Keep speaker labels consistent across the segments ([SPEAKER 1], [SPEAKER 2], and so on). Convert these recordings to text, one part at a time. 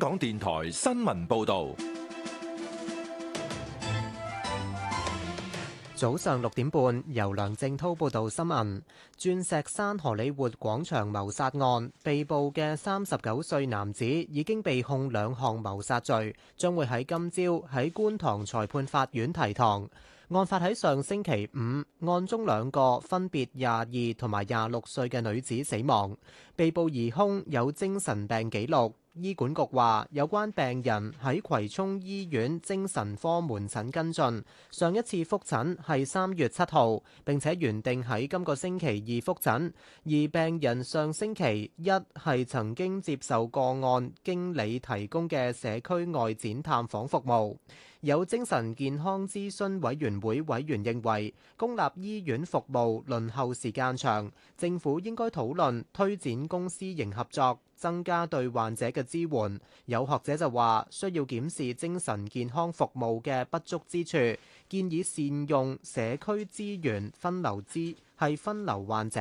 [SPEAKER 1] 港電台新聞報道，早上六點半由梁正濤報道新聞。鑽石山荷里活廣場謀殺案被捕嘅三十九歲男子已經被控兩項謀殺罪，將會喺今朝喺觀塘裁判法院提堂。案發喺上星期五，案中兩個分別廿二同埋廿六歲嘅女子死亡。被捕疑凶有精神病記錄。醫管局話，有關病人喺葵涌醫院精神科門診跟進，上一次復診係三月七號，並且原定喺今個星期二復診，而病人上星期一係曾經接受個案經理提供嘅社區外展探訪服務。有精神健康諮詢委員會委員認為公立醫院服務輪候時間長，政府應該討論推展公私營合作，增加對患者嘅支援。有學者就話需要檢視精神健康服務嘅不足之處，建議善用社區資源分流資係分流患者。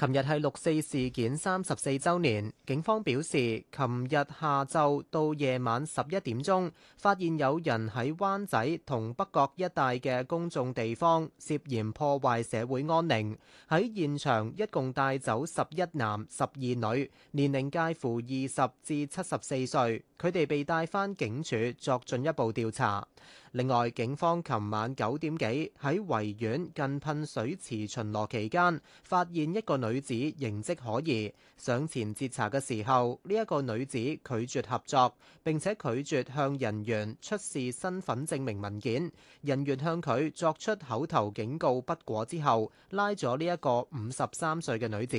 [SPEAKER 1] 琴日係六四事件三十四周年，警方表示，琴日下晝到夜晚十一點鐘，發現有人喺灣仔同北角一帶嘅公眾地方涉嫌破壞社會安寧，喺現場一共帶走十一男十二女，年齡介乎二十至七十四歲，佢哋被帶返警署作進一步調查。另外，警方琴晚九點幾喺維園近噴水池巡邏期間，發現一個女子形跡可疑，上前截查嘅時候，呢、這、一個女子拒絕合作，並且拒絕向人員出示身份證明文件。人員向佢作出口頭警告不果之後，拉咗呢一個五十三歲嘅女子，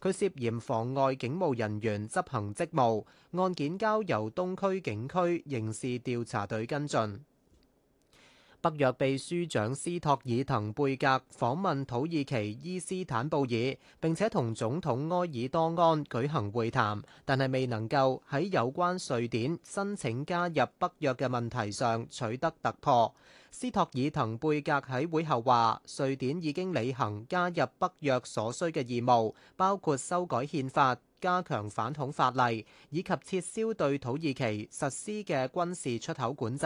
[SPEAKER 1] 佢涉嫌妨礙警務人員執行職務，案件交由東區警區刑事調查隊跟進。北約秘書長斯托爾滕貝格訪問土耳其伊斯坦布爾，並且同總統埃爾多安舉行會談，但係未能夠喺有關瑞典申請加入北約嘅問題上取得突破。斯托爾滕貝格喺會後話，瑞典已經履行加入北約所需嘅義務，包括修改憲法、加強反恐法例，以及撤銷對土耳其實施嘅軍事出口管制。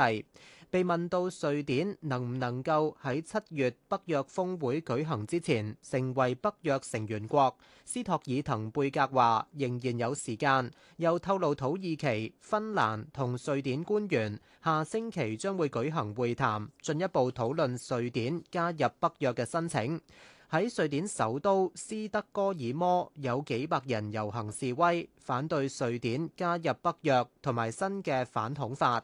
[SPEAKER 1] 被問到瑞典能唔能夠喺七月北約峰會舉行之前成為北約成員國，斯托爾滕貝格話仍然有時間。又透露土耳其、芬蘭同瑞典官員下星期將會舉行會談，進一步討論瑞典加入北約嘅申請。喺瑞典首都斯德哥爾摩有幾百人遊行示威，反對瑞典加入北約同埋新嘅反恐法。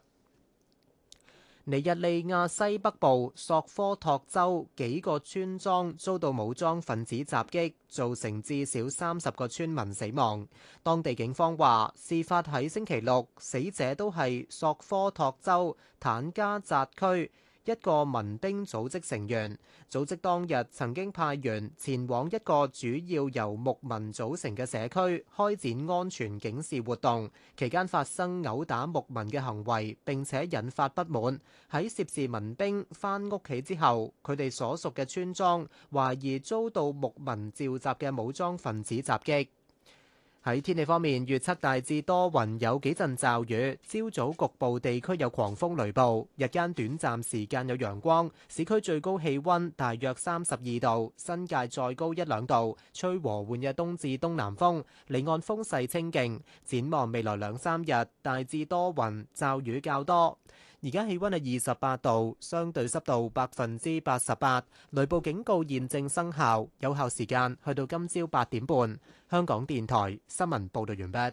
[SPEAKER 1] 尼日利亞西北部索科托州幾個村莊遭到武裝分子襲擊，造成至少三十個村民死亡。當地警方話，事發喺星期六，死者都係索科托州坦加扎區一個民兵組織成員，組織當日曾經派員前往一個主要由牧民組成嘅社區，開展安全警示活動。期間發生毆打牧民嘅行為，並且引發不滿。喺涉事民兵返屋企之後，佢哋所屬嘅村莊懷疑遭到牧民召集嘅武裝分子襲擊。喺天氣方面，預測大致多雲，有幾陣驟雨，朝早局部地區有狂風雷暴，日間短暫時間有陽光。市區最高氣温大約三十二度，新界再高一兩度，吹和緩嘅東至東南風，離岸風勢清勁。展望未來兩三日，大致多雲，驟雨較多。而家氣温係二十八度，相對濕度百分之八十八，雷暴警告現正生效，有效時間去到今朝八點半。香港電台新聞報道完畢。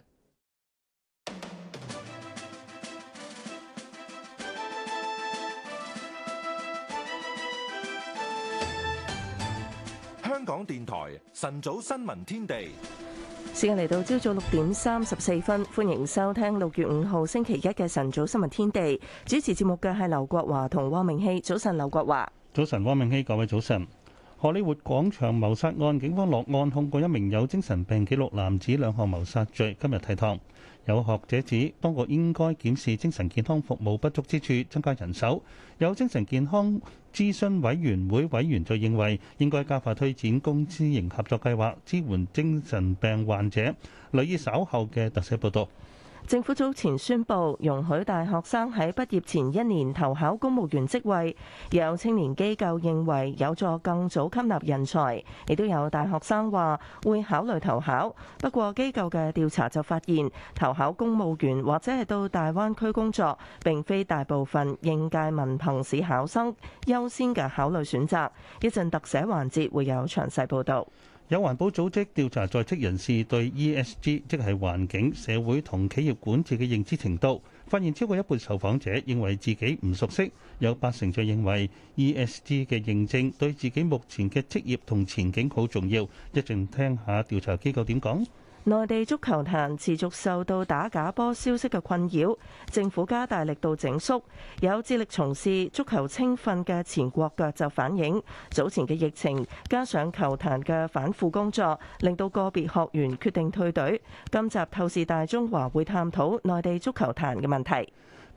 [SPEAKER 2] 香港電台晨早新聞天地。
[SPEAKER 3] 時間嚟到朝早六點三十四分，歡迎收聽六月五號星期一嘅晨早新聞天地。主持節目嘅係劉國華同汪明熙。早晨，劉國華。
[SPEAKER 4] 早晨，汪明熙。各位早晨。荷里活廣場謀殺案，警方落案控告一名有精神病記錄男子兩項謀殺罪，今日提堂。有學者指，當局應該檢視精神健康服務不足之處，增加人手。有精神健康諮詢委員會委員就認為，應該加快推展公私營合作計劃，支援精神病患者。留意稍後嘅特寫報道。
[SPEAKER 3] 政府早前宣布，容許大學生喺畢業前一年投考公務員職位，有青年機構認為有助更早吸納人才，亦都有大學生話會考慮投考。不過機構嘅調查就發現，投考公務員或者係到大灣區工作並非大部分應屆文憑試考生優先嘅考慮選擇。一陣特寫環節會有詳細報道。
[SPEAKER 4] 有環保組織調查在職人士對 ESG，即係環境、社會同企業管治嘅認知程度，發現超過一半受訪者認為自己唔熟悉，有八成就認為 ESG 嘅認證對自己目前嘅職業同前景好重要。一陣聽下調查機構點講。
[SPEAKER 3] 內地足球壇持續受到打假波消息嘅困擾，政府加大力度整肅。有致力從事足球青訓嘅前國腳就反映，早前嘅疫情加上球壇嘅反腐工作，令到個別學員決定退隊。今集透視大中華會探討內地足球壇嘅問題。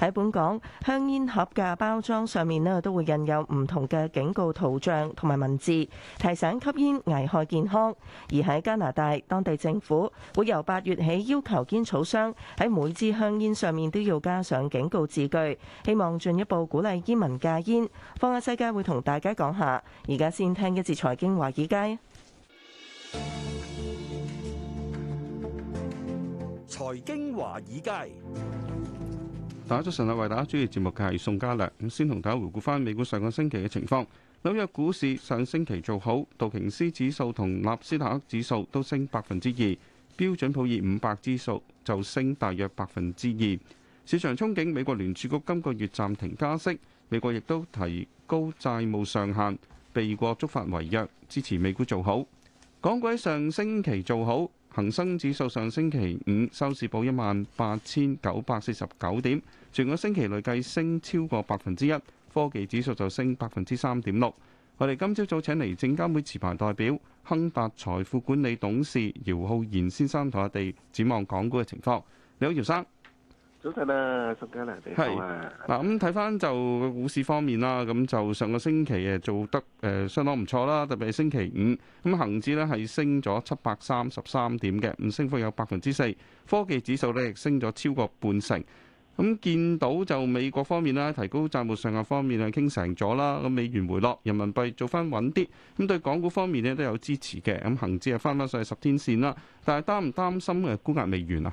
[SPEAKER 3] 喺本港香煙盒嘅包裝上面呢，都會印有唔同嘅警告圖像同埋文字，提醒吸煙危害健康。而喺加拿大，當地政府會由八月起要求煙草商喺每支香煙上面都要加上警告字句，希望進一步鼓勵煙民戒煙。放下世界會同大家講下，而家先聽一節財經華爾街。
[SPEAKER 5] 財經華爾街。
[SPEAKER 6] 打咗上晨啊，為大家主要節目嘅係宋嘉良。咁先同大家回顧翻美股上個星期嘅情況。紐約股市上星期做好，道瓊斯指數同納斯達克指數都升百分之二，標準普爾五百指數就升大約百分之二。市場憧憬美國聯儲局今個月暫停加息，美國亦都提高債務上限，避過觸發違約，支持美股做好。港股喺上星期做好，恒生指數上星期五收市報一萬八千九百四十九點。全個星期累計升超過百分之一，科技指數就升百分之三點六。我哋今朝早,早請嚟證監會持牌代表亨達財富管理董事姚浩然先生同我哋展望港股嘅情況。你好，姚生，
[SPEAKER 7] 早晨啊，宋佳
[SPEAKER 6] 良，你好。嗱，咁睇翻就股市方面啦。咁就上個星期誒做得誒相當唔錯啦，特別係星期五咁恒指呢係升咗七百三十三點嘅，咁升幅有百分之四。科技指數呢亦升咗超過半成。咁見到就美國方面啦，提高債務上限方面啊傾成咗啦，咁美元回落，人民幣做翻穩啲，咁對港股方面呢都有支持嘅。咁恆指啊翻翻上十天線啦，但係擔唔擔心嘅沽壓美元啊？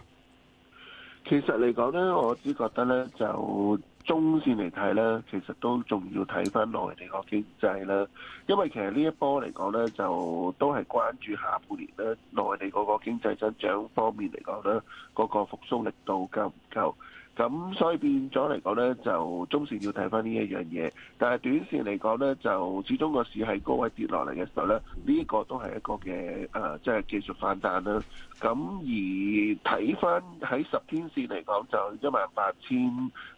[SPEAKER 7] 其實嚟講呢，我只覺得呢就中線嚟睇呢，其實都仲要睇翻內地個經濟啦，因為其實呢一波嚟講呢，就都係關注下半年呢內地嗰個經濟增長方面嚟講呢，嗰個復甦力度夠唔夠？咁所以變咗嚟講咧，就中線要睇翻呢一樣嘢，但係短線嚟講咧，就始終個市喺高位跌落嚟嘅時候咧，呢個都係一個嘅誒，即係技術反彈啦。咁而睇翻喺十天線嚟講，就一萬八千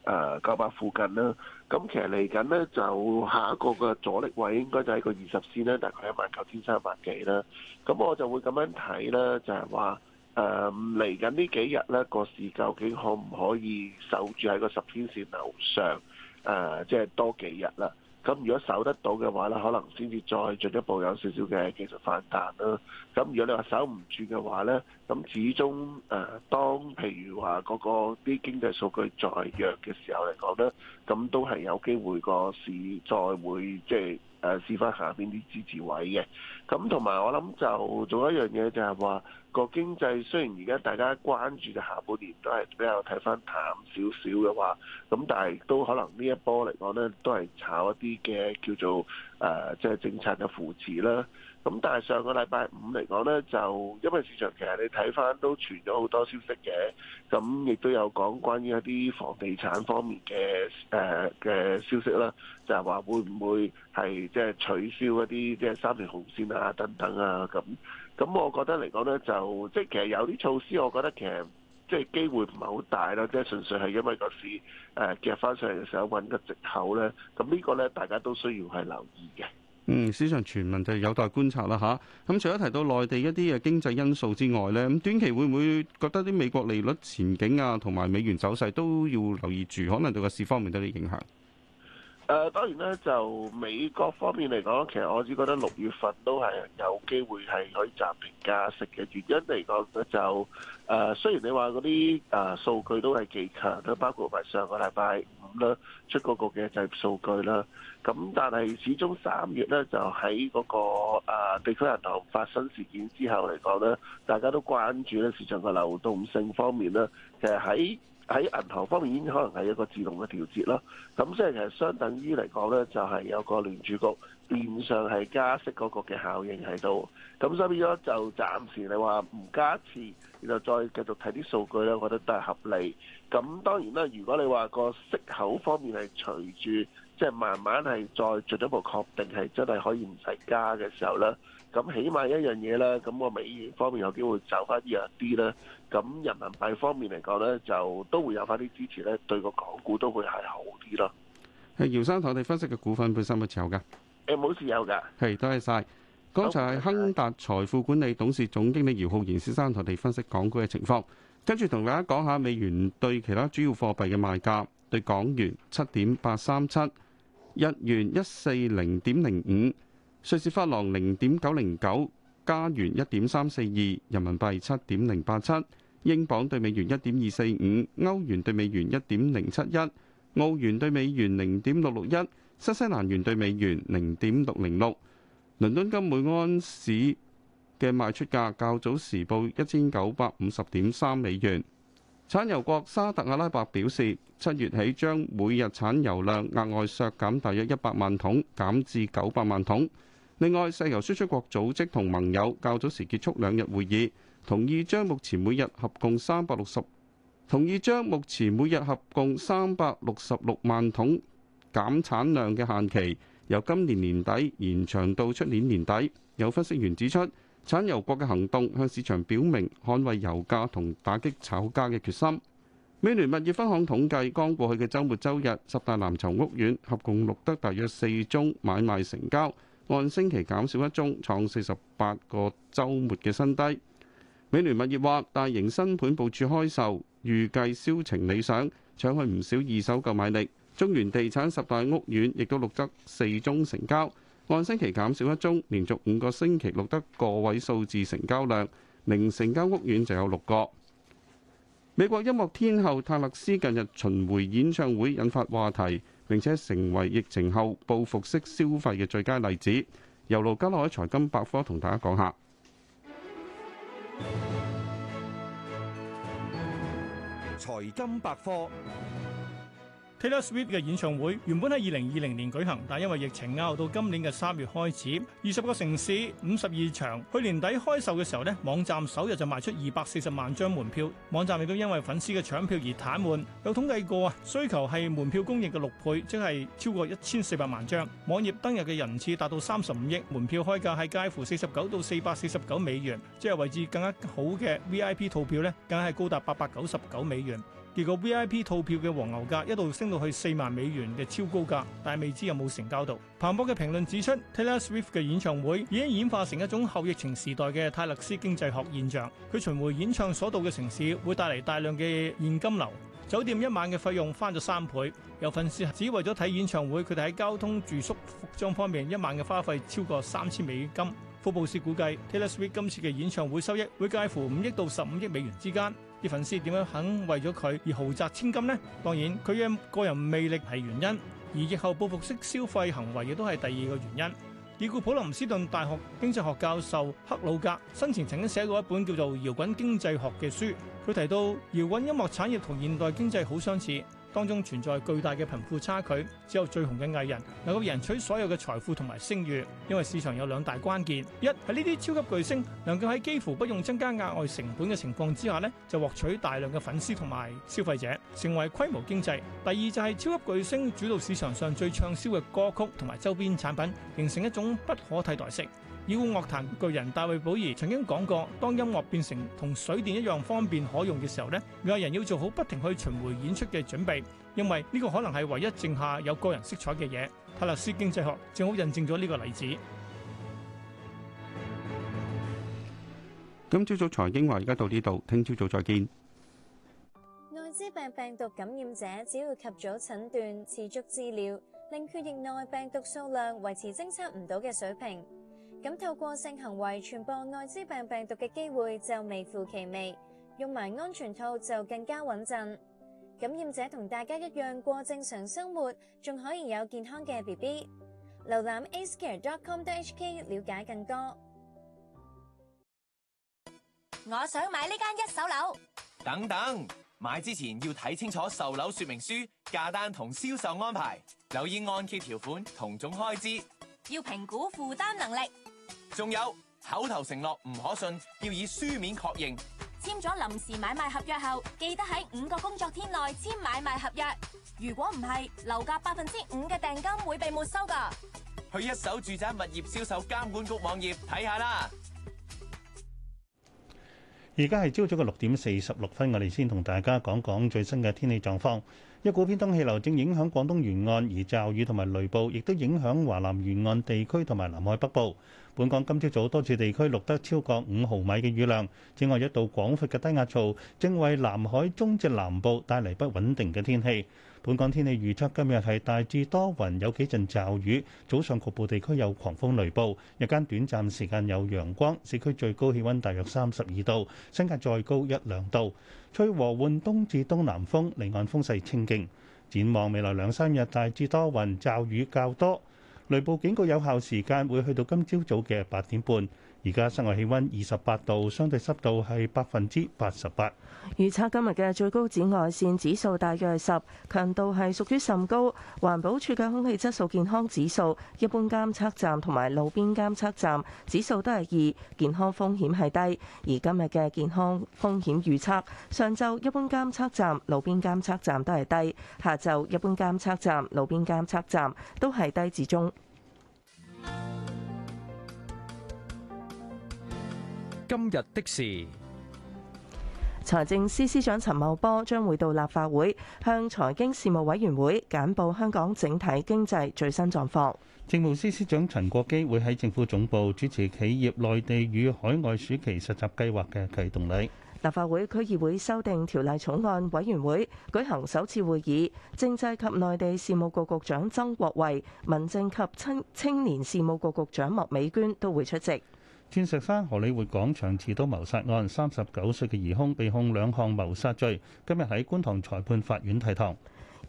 [SPEAKER 7] 誒九百附近啦。咁其實嚟緊咧，就下一個嘅阻力位應該就係個二十線啦，大概一萬九千三百幾啦。咁我就會咁樣睇啦，就係話。誒嚟緊呢幾日咧，個市究竟可唔可以守住喺個十天線樓上？誒、呃，即係多幾日啦。咁如果守得到嘅話咧，可能先至再進一步有少少嘅技術反彈啦。咁如果你守話守唔住嘅話咧，咁始終誒、呃，當譬如話嗰、嗰個啲經濟數據再弱嘅時候嚟講咧，咁都係有機會個市再會即係。即係誒試翻下邊啲支持位嘅，咁同埋我諗就做一樣嘢，就係話個經濟雖然而家大家關注嘅下半年都係比較睇翻淡少少嘅話，咁但係都可能呢一波嚟講咧，都係炒一啲嘅叫做誒，即係政策嘅扶持啦。咁但係上個禮拜五嚟講咧，就因為市場其實你睇翻都傳咗好多消息嘅，咁亦都有講關於一啲房地產方面嘅誒嘅消息啦，就係話會唔會係即係取消一啲即係三條紅線啊等等啊咁，咁我覺得嚟講咧就即係、就是、其實有啲措施，我覺得其實即係、就是、機會唔係好大啦，即、就、係、是、純粹係因為個市誒夾翻上嚟嘅時候揾個藉口咧，咁呢個咧大家都需要係留意嘅。
[SPEAKER 6] 嗯，市場傳聞就有待觀察啦吓，咁、啊嗯、除咗提到內地一啲嘅經濟因素之外咧，咁短期會唔會覺得啲美國利率前景啊，同埋美元走勢都要留意住，可能對個市方面都有啲影響。
[SPEAKER 7] 誒、呃，當然咧，就美國方面嚟講，其實我只覺得六月份都係有機會係可以暫停加息嘅原因嚟講咧，就誒、呃、雖然你話嗰啲誒數據都係幾強，都包括埋上個禮拜。啦，出嗰個嘅就業數據啦。咁但係始終三月咧，就喺嗰個地區銀行發生事件之後嚟講咧，大家都關注咧市場嘅流動性方面咧，其實喺喺銀行方面已經可能係一個自動嘅調節啦。咁所以其實相等於嚟講咧，就係有個聯儲局。面上係加息嗰個嘅效應喺度，咁所以變咗就暫時你話唔加一次，然後再繼續睇啲數據咧，我覺得都係合理。咁當然啦，如果你話個息口方面係隨住即係慢慢係再進一步確定係真係可以唔使加嘅時候咧，咁起碼一樣嘢啦，咁個美元方面有機會走翻弱啲啦，咁人民幣方面嚟講咧，就都會有翻啲支持咧，對個港股都會係好啲咯。
[SPEAKER 6] 係姚生，同你分析嘅股份本身有冇持有嘅？誒冇事有㗎。係，多謝晒。剛才係亨達財富管理董事總經理姚浩然先生同我哋分析港股嘅情況，跟住同大家講下美元對其他主要貨幣嘅賣價。對港元七點八三七，日元一四零點零五，瑞士法郎零點九零九，加元一點三四二，人民幣七點零八七，英鎊對美元一點二四五，歐元對美元一點零七一，澳元對美元零點六六一。新西蘭元對美元零點六零六，倫敦金每安士嘅賣出價較早時報一千九百五十點三美元。產油國沙特阿拉伯表示，七月起將每日產油量額外削減大約一百萬桶，減至九百萬桶。另外，石油輸出國組織同盟友較早時結束兩日會議，同意將目前每日合共三百六十，同意將目前每日合共三百六十六萬桶。減產量嘅限期由今年年底延長到出年年底。有分析員指出，產油國嘅行動向市場表明捍衛油價同打擊炒家嘅決心。美聯物業分行統計，剛過去嘅週末週日，十大藍籌屋苑合共錄得大約四宗買賣成交，按星期減少一宗，創四十八個週末嘅新低。美聯物業話，大型新盤部署開售，預計銷情理想，搶去唔少二手購買力。中原地產十大屋苑亦都錄得四宗成交，按星期減少一宗，連續五個星期錄得個位數字成交量。零成交屋苑就有六個。美國音樂天后泰勒斯近日巡迴演唱會引發話題，並且成為疫情後報復式消費嘅最佳例子。由盧家樂喺財金百科同大家講下
[SPEAKER 8] 財金百科。Taylor Swift 嘅演唱會原本喺二零二零年舉行，但因為疫情押後到今年嘅三月開始，二十個城市五十二場。去年底開售嘅時候呢，網站首日就賣出二百四十萬張門票，網站亦都因為粉絲嘅搶票而癱瘓。有統計過啊，需求係門票供應嘅六倍，即係超過一千四百萬張。網頁登入嘅人次達到三十五億，門票開價係介乎四十九到四百四十九美元，即係位置更加好嘅 VIP 套票呢，更係高達八百九十九美元。而個 V.I.P 套票嘅黃牛價一度升到去四萬美元嘅超高價，但未知有冇成交到。彭博嘅評論指出，Taylor Swift 嘅演唱會已經演化成一種後疫情時代嘅泰勒斯經濟學現象。佢巡迴演唱所到嘅城市會帶嚟大量嘅現金流，酒店一晚嘅費用翻咗三倍。有粉絲只為咗睇演唱會，佢哋喺交通、住宿、服裝方面一晚嘅花費超過三千美金。福布斯估計，Taylor Swift 今次嘅演唱會收益會介乎五億到十五億美元之間。啲粉絲點樣肯為咗佢而豪擲千金呢？當然佢嘅個人魅力係原因，而疫後報復式消費行為亦都係第二個原因。已故普林斯頓大學經濟學教授克魯格生前曾經寫過一本叫做《搖滾經濟學》嘅書，佢提到搖滾音樂產業同現代經濟好相似。當中存在巨大嘅貧富差距，只有最紅嘅藝人能夠贏取所有嘅財富同埋聲譽，因為市場有兩大關鍵：一係呢啲超級巨星能夠喺幾乎不用增加額外成本嘅情況之下呢，就獲取大量嘅粉絲同埋消費者，成為規模經濟；第二就係、是、超級巨星主導市場上最暢銷嘅歌曲同埋周邊產品，形成一種不可替代性。搖滾樂壇巨人大衛寶兒曾經講過：當音樂變成同水電一樣方便可用嘅時候咧，藝人要做好不停去巡迴演出嘅準備，因為呢個可能係唯一剩下有個人色彩嘅嘢。泰勒斯經濟學正好印證咗呢個例子。
[SPEAKER 6] 今朝早財經話：而家到呢度，聽朝早再見。
[SPEAKER 9] 愛滋病病毒感染者只要及早診斷、持續治療，令血液內病毒數量維持偵測唔到嘅水平。咁透過性行為傳播艾滋病病毒嘅機會就微乎其微，用埋安全套就更加穩陣。感染者同大家一樣過正常生活，仲可以有健康嘅 BB。瀏覽 aescare.com.hk 了解更多。我想買呢間一手樓。
[SPEAKER 8] 等等，買之前要睇清楚售樓說明書、價單同銷售安排，留意按揭條款同總開支，
[SPEAKER 9] 要評估負擔能力。
[SPEAKER 8] 仲有口頭承諾唔可信，要以書面確認。
[SPEAKER 9] 簽咗臨時買賣合約後，記得喺五個工作天內簽買賣合約。如果唔係，樓價百分之五嘅訂金會被沒收噶。
[SPEAKER 8] 去一手住宅物業銷售監管局網頁睇下啦。
[SPEAKER 4] 而家係朝早嘅六點四十六分，我哋先同大家講講最新嘅天氣狀況。一股偏東氣流正影響廣東沿岸，而驟雨同埋雷暴亦都影響華南沿岸地區同埋南海北部。本港今朝早多處地區錄得超過五毫米嘅雨量，此外一度廣闊嘅低壓槽正為南海中至南部帶嚟不穩定嘅天氣。本港天氣預測今日係大致多雲，有幾陣驟雨，早上局部地區有狂風雷暴，日間短暫時間有陽光。市區最高氣温大約三十二度，升格再高一兩度，吹和緩東至東南風，離岸風勢清勁。展望未來兩三日，大致多雲，驟雨較多。雷暴警告有效時間會去到今朝早嘅八點半。而家室外氣溫二十八度，相對濕度係百分之八
[SPEAKER 3] 十八。預測今日嘅最高紫外線指數大約係十，強度係屬於甚高。環保署嘅空氣質素健康指數，一般監測站同埋路邊監測站指數都係二，健康風險係低。而今日嘅健康風險預測，上晝一般監測站、路邊監測站都係低，下晝一般監測站、路邊監測站都係低至中。
[SPEAKER 10] 今日的事，
[SPEAKER 3] 財政司司長陳茂波將會到立法會向財經事務委員會簡報香港整體經濟最新狀況。政務司司長陳國基會喺政府
[SPEAKER 4] 總部主持企業內地與海外暑期實習計劃嘅啟動禮。
[SPEAKER 3] 立法會區議會修訂條例草案委員會舉行首次會議，政制及內地事務局局長曾國衛、民政及青年事務局局長麥美娟都會出席。
[SPEAKER 4] 鑽石山荷里活廣場持刀謀殺案，三十九歲嘅疑凶被控兩項謀殺罪，今日喺觀塘裁判法院提堂。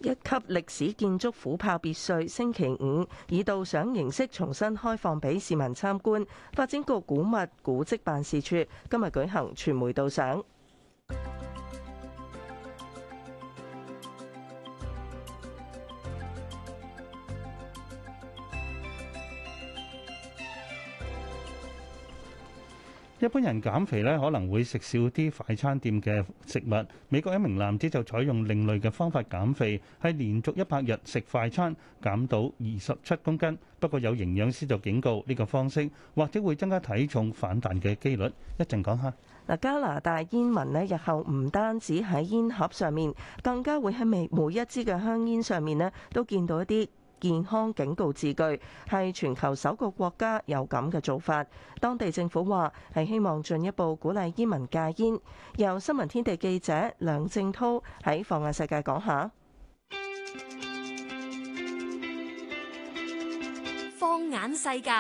[SPEAKER 3] 一級歷史建築虎豹別墅，星期五以導賞形式重新開放俾市民參觀。發展局古物古蹟辦事處今日舉行傳媒導賞。
[SPEAKER 4] 一般人減肥咧可能會食少啲快餐店嘅食物。美國一名男子就採用另類嘅方法減肥，係連續一百日食快餐減到二十七公斤。不過有營養師就警告呢個方式或者會增加體重反彈嘅機率。講一陣講下。
[SPEAKER 3] 嗱，加拿大煙民咧日後唔單止喺煙盒上面，更加會喺每每一支嘅香煙上面咧都見到一啲健康警告字句，係全球首個國家有咁嘅做法，當地政府話係希望進一步鼓勵煙民戒煙。由新聞天地記者梁正濤喺放眼世界講下。
[SPEAKER 11] 放眼世界，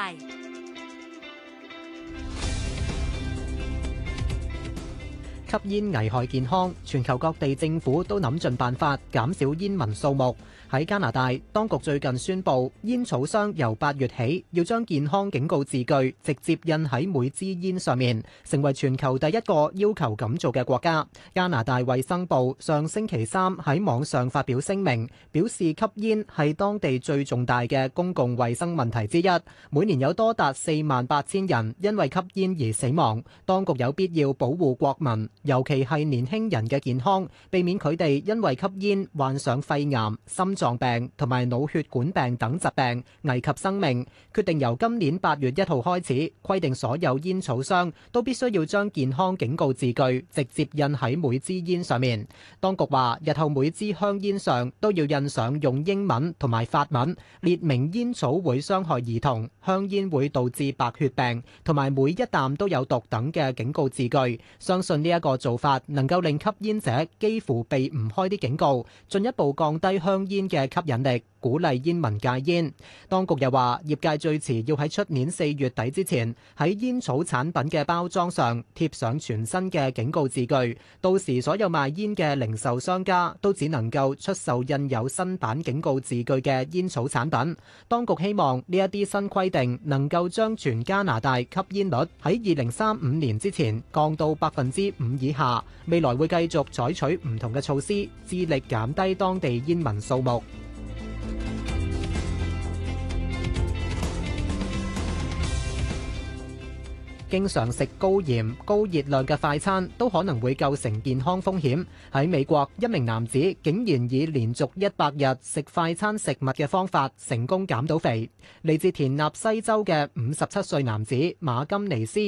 [SPEAKER 1] 吸煙危害健康，全球各地政府都諗盡辦法減少煙民數目。喺加拿大，當局最近宣布，煙草商由八月起要將健康警告字句直接印喺每支煙上面，成為全球第一個要求咁做嘅國家。加拿大衛生部上星期三喺網上發表聲明，表示吸煙係當地最重大嘅公共衛生問題之一，每年有多達四萬八千人因為吸煙而死亡。當局有必要保護國民，尤其係年輕人嘅健康，避免佢哋因為吸煙患上肺癌、心病同埋腦血管病等疾病危及生命，決定由今年八月一號開始規定，所有煙草商都必須要將健康警告字句直接印喺每支煙上面。當局話日後每支香煙上都要印上用英文同埋法文列明煙草會傷害兒童、香煙會導致白血病同埋每一啖都有毒等嘅警告字句。相信呢一個做法能夠令吸煙者幾乎避唔開啲警告，進一步降低香煙嘅吸引力，鼓勵煙民戒煙。當局又話，業界最遲要喺出年四月底之前，喺煙草產品嘅包裝上貼上全新嘅警告字句。到時所有賣煙嘅零售商家都只能夠出售印有新版警告字句嘅煙草產品。當局希望呢一啲新規定能夠將全加拿大吸煙率喺二零三五年之前降到百分之五以下。未來會繼續採取唔同嘅措施，致力減低當地煙民數目。經常食高鹽、高熱量嘅快餐都可能會構成健康風險。喺美國，一名男子竟然以連續一百日食快餐食物嘅方法成功減到肥。嚟自田納西州嘅五十七歲男子馬金尼斯。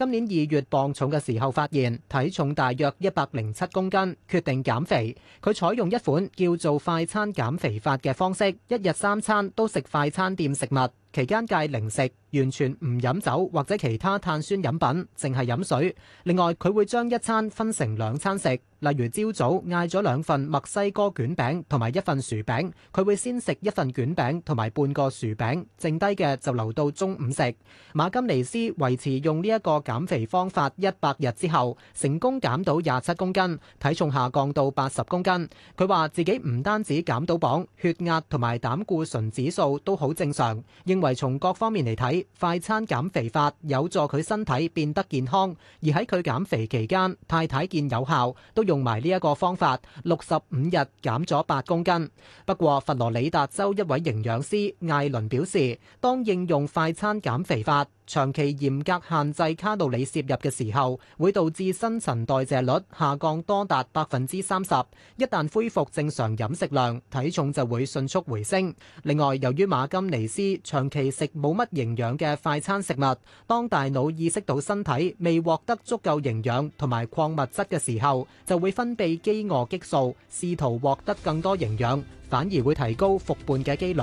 [SPEAKER 1] 今年二月磅重嘅時候發現體重大約一百零七公斤，決定減肥。佢採用一款叫做快餐減肥法嘅方式，一日三餐都食快餐店食物，期間戒零食，完全唔飲酒或者其他碳酸飲品，淨係飲水。另外，佢會將一餐分成兩餐食。例如朝早嗌咗兩份墨西哥捲餅同埋一份薯餅，佢會先食一份卷餅同埋半個薯餅，剩低嘅就留到中午食。馬金尼斯維持用呢一個減肥方法一百日之後成功減到廿七公斤，體重下降到八十公斤。佢話自己唔單止減到磅，血壓同埋膽固醇指數都好正常，認為從各方面嚟睇，快餐減肥法有助佢身體變得健康，而喺佢減肥期間太太見有效都用埋呢一個方法，六十五日減咗八公斤。不過佛羅里達州一位營養師艾倫表示，當應用快餐減肥法，長期嚴格限制卡路里攝入嘅時候，會導致新陳代謝率下降多達百分之三十。一旦恢復正常飲食量，體重就會迅速回升。另外，由於馬金尼斯長期食冇乜營養嘅快餐食物，當大腦意識到身體未獲得足夠營養同埋礦物質嘅時候，就會分泌飢餓激素，試圖獲得更多營養，反而會提高復胖嘅機率。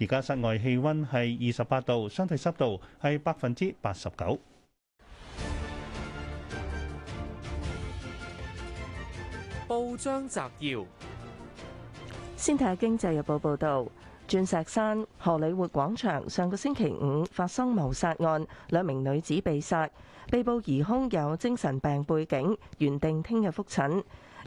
[SPEAKER 4] 而家室外氣温係二十八度，相對濕度係百分
[SPEAKER 3] 之八十九。
[SPEAKER 1] 報章摘要，
[SPEAKER 3] 先睇下《經濟日報》報導：鑽石山荷里活廣場上個星期五發生謀殺案，兩名女子被殺，被捕疑兇有精神病背景，原定聽日覆診。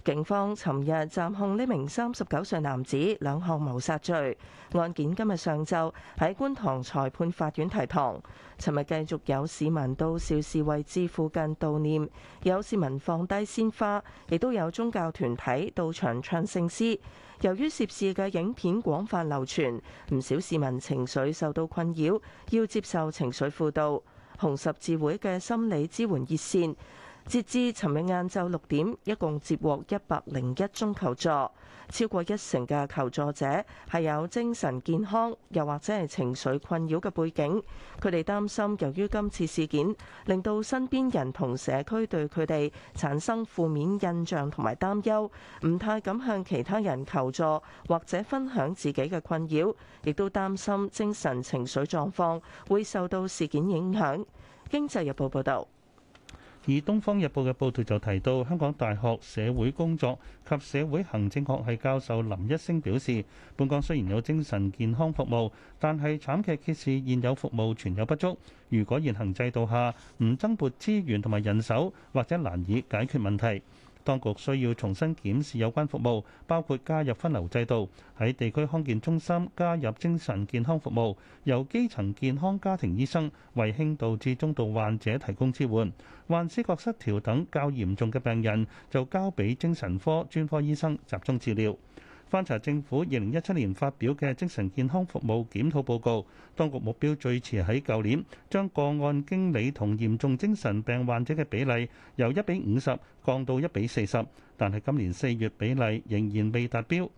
[SPEAKER 3] 警方尋日暫控呢名三十九歲男子兩項謀殺罪。案件今日上晝喺觀塘裁判法院提堂。尋日繼續有市民到肇事位置附近悼念，有市民放低鮮花，亦都有宗教團體到場唱聖詩。由於涉事嘅影片廣泛流傳，唔少市民情緒受到困擾，要接受情緒輔導。紅十字會嘅心理支援熱線，截至尋日晏晝六點，一共接獲一百零一宗求助，超過一成嘅求助者係有精神健康又或者係情緒困擾嘅背景。佢哋擔心由於今次事件，令到身邊人同社區對佢哋產生負面印象同埋擔憂，唔太敢向其他人求助或者分享自己嘅困擾，亦都擔心精神情緒狀況會受到事件影響。經濟日報報道。
[SPEAKER 4] 而《東方日報》嘅報道就提到，香港大學社會工作及社會行政學系教授林一星表示，本港雖然有精神健康服務，但係慘劇揭示現有服務存有不足。如果現行制度下唔增撥資源同埋人手，或者難以解決問題。當局需要重新檢視有關服務，包括加入分流制度，喺地區康健中心加入精神健康服務，由基層健康家庭醫生為輕度至中度患者提供支援，患思覺失調等較嚴重嘅病人就交俾精神科專科醫生集中治療。翻查政府二零一七年發表嘅精神健康服務檢討報告，當局目標最遲喺舊年將個案經理同嚴重精神病患者嘅比例由一比五十降到一比四十，但係今年四月比例仍然未達標，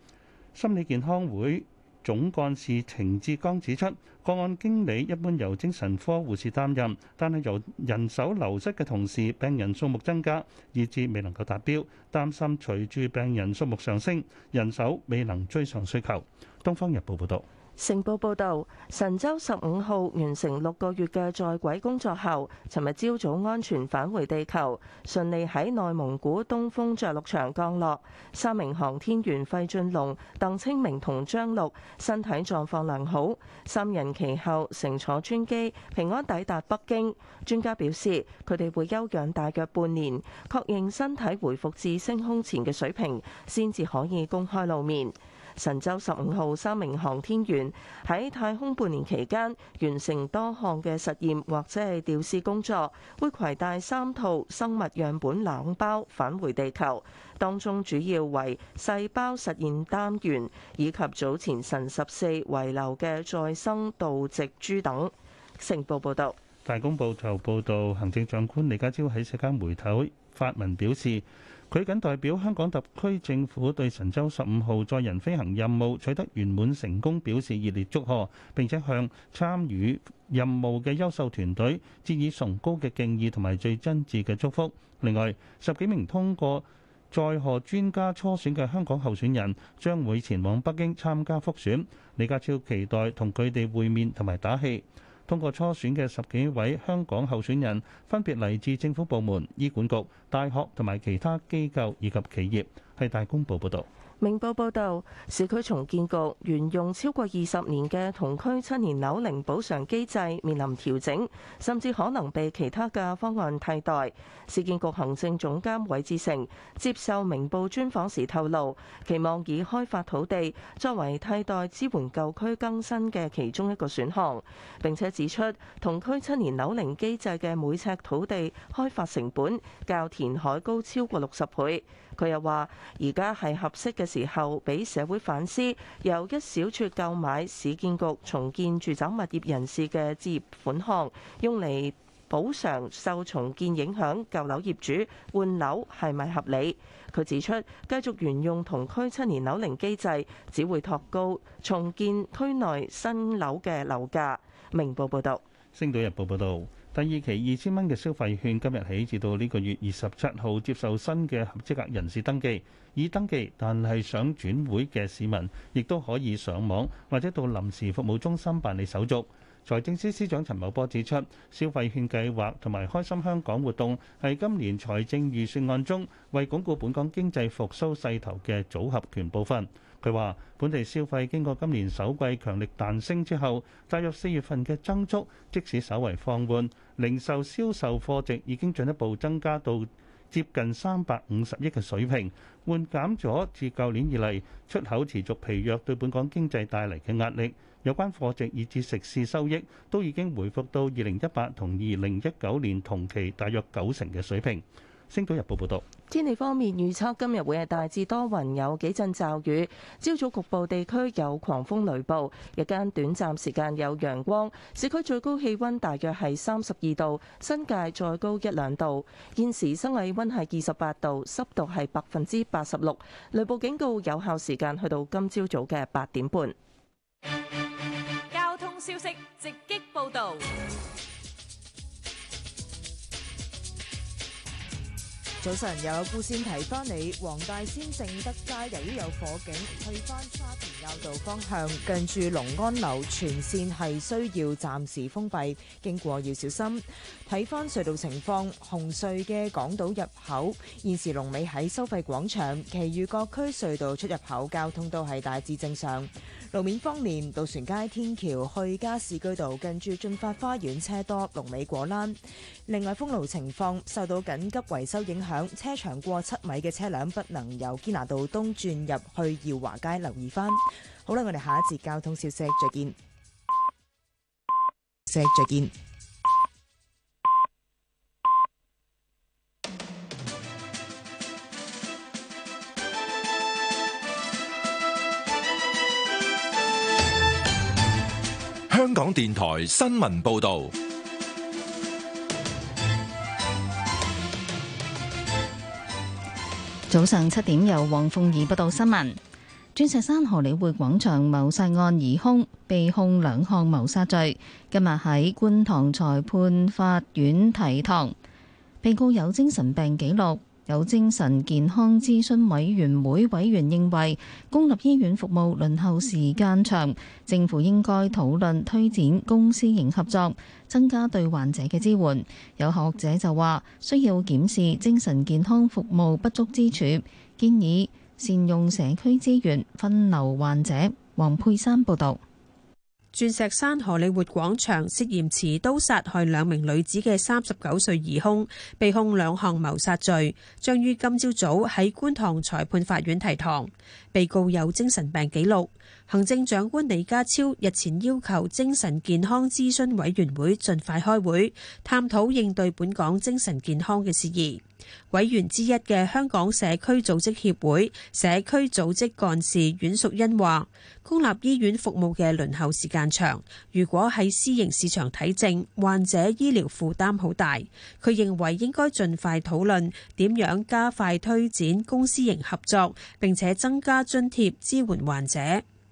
[SPEAKER 4] 心理健康會。總幹事程志剛指出，個案經理一般由精神科護士擔任，但係由人手流失嘅同時，病人數目增加，以至未能夠達標，擔心隨住病人數目上升，人手未能追上需求。東方日報報道。
[SPEAKER 3] 成報報道，神舟十五號完成六個月嘅在軌工作後，尋日朝早安全返回地球，順利喺內蒙古東風着陸場降落。三名航天員費俊龍、鄧清明同張陸身體狀況良好，三人其後乘坐專機平安抵達北京。專家表示，佢哋會休養大約半年，確認身體回復至升空前嘅水平，先至可以公開露面。神舟十五號三名航天員喺太空半年期間，完成多項嘅實驗或者係調試工作，會攜帶三套生物樣本冷包返回地球，當中主要為細胞實驗單元以及早前神十四遺留嘅再生稻植株等。成報報道。《大
[SPEAKER 4] 公報》就報導行政長官李家超喺社交媒體發文表示。佢謹代表香港特區政府對神舟十五號載人飛行任務取得圓滿成功表示熱烈祝賀，並且向參與任務嘅優秀團隊致以崇高嘅敬意同埋最真摯嘅祝福。另外，十幾名通過載荷專家初選嘅香港候選人將會前往北京參加複選。李家超期待同佢哋會面同埋打氣。通過初選嘅十幾位香港候選人，分別嚟自政府部門、醫管局、大學同埋其他機構以及企業，喺大公報報道。
[SPEAKER 3] 明報報導，市區重建局沿用超過二十年嘅同區七年樓齡補償機制，面臨調整，甚至可能被其他嘅方案替代。市建局行政總監韋志成接受明報專訪時透露，期望以開發土地作為替代支援舊區更新嘅其中一個選項，並且指出，同區七年樓齡機制嘅每尺土地開發成本，較填海高超過六十倍。佢又話：而家係合適嘅時候，俾社會反思，由一小撮購買市建局重建住宅物業人士嘅置業款項，用嚟補償受重建影響舊樓業主換樓係咪合理？佢指出，繼續沿用同區七年樓齡機制，只會托高重建區內新樓嘅樓價。明報報道。星島日報報道。
[SPEAKER 4] 第二期二千蚊嘅消費券今日起至到呢個月二十七號接受新嘅合資格人士登記。已登記但係想轉會嘅市民，亦都可以上網或者到臨時服務中心辦理手續。財政司司長陳茂波指出，消費券計劃同埋開心香港活動，係今年財政預算案中為鞏固本港經濟復蘇勢頭嘅組合拳部分。佢話：本地消費經過今年首季強力彈升之後，大約四月份嘅增速即使稍為放緩，零售銷售貨值已經進一步增加到接近三百五十億嘅水平。緩減咗自舊年以嚟出口持續疲弱對本港經濟帶嚟嘅壓力，有關貨值以至食肆收益都已經回復到二零一八同二零一九年同期大約九成嘅水平。《星島日報》報道，
[SPEAKER 3] 天氣方面預測今日會係大致多雲，有幾陣驟雨。朝早局部地區有狂風雷暴，日間短暫時間有陽光。市區最高氣溫大約係三十二度，新界再高一兩度。現時室內溫度係二十八度，濕度係百分之八十六。雷暴警告有效時間去到今朝早嘅八點半。
[SPEAKER 12] 交通消息直擊報道。
[SPEAKER 13] 早晨，有故線提翻你，黃大仙正德街由於有火警，去翻沙田坳道方向，近住龍安樓全線係需要暫時封閉，經過要小心。睇翻隧道情況，紅隧嘅港島入口現時龍尾喺收費廣場，其餘各區隧道出入口交通都係大致正常。路面方面，渡船街天橋去加士居道近住駿發花園車多，龍尾果欄。另外，封路情況受到緊急維修影響。響車長過七米嘅車輛不能由堅拿道東轉入去耀華街。留意返好啦，我哋下一節交通消息再見。再見。
[SPEAKER 2] 香港電台新聞報道。
[SPEAKER 9] 早上七點由黃鳳儀報道新聞。鑽石山荷里活廣場謀殺案疑兇，被控兩項謀殺罪，今日喺觀塘裁判法院提堂，被告有精神病記錄。有精神健康諮詢委員會委員認為，公立醫院服務輪候時間長，政府應該討論推展公私營合作，增加對患者嘅支援。有學者就話需要檢視精神健康服務不足之處，建議善用社區資源分流患者。黃佩珊
[SPEAKER 14] 報道。鑽石山荷里活廣場涉嫌持刀殺害兩名女子嘅三十九歲疑凶，被控兩項謀殺罪，將於今朝早喺觀塘裁判法院提堂。被告有精神病記錄。行政長官李家超日前要求精神健康諮詢委員會盡快開會，探討應對本港精神健康嘅事宜。委員之一嘅香港社區組織協會社區組織幹事阮淑欣話：公立醫院服務嘅輪候時間長，如果喺私營市場睇症，患者醫療負擔好大。佢認為應該盡快討論點樣加快推展公私營合作，並且增加津貼支援患者。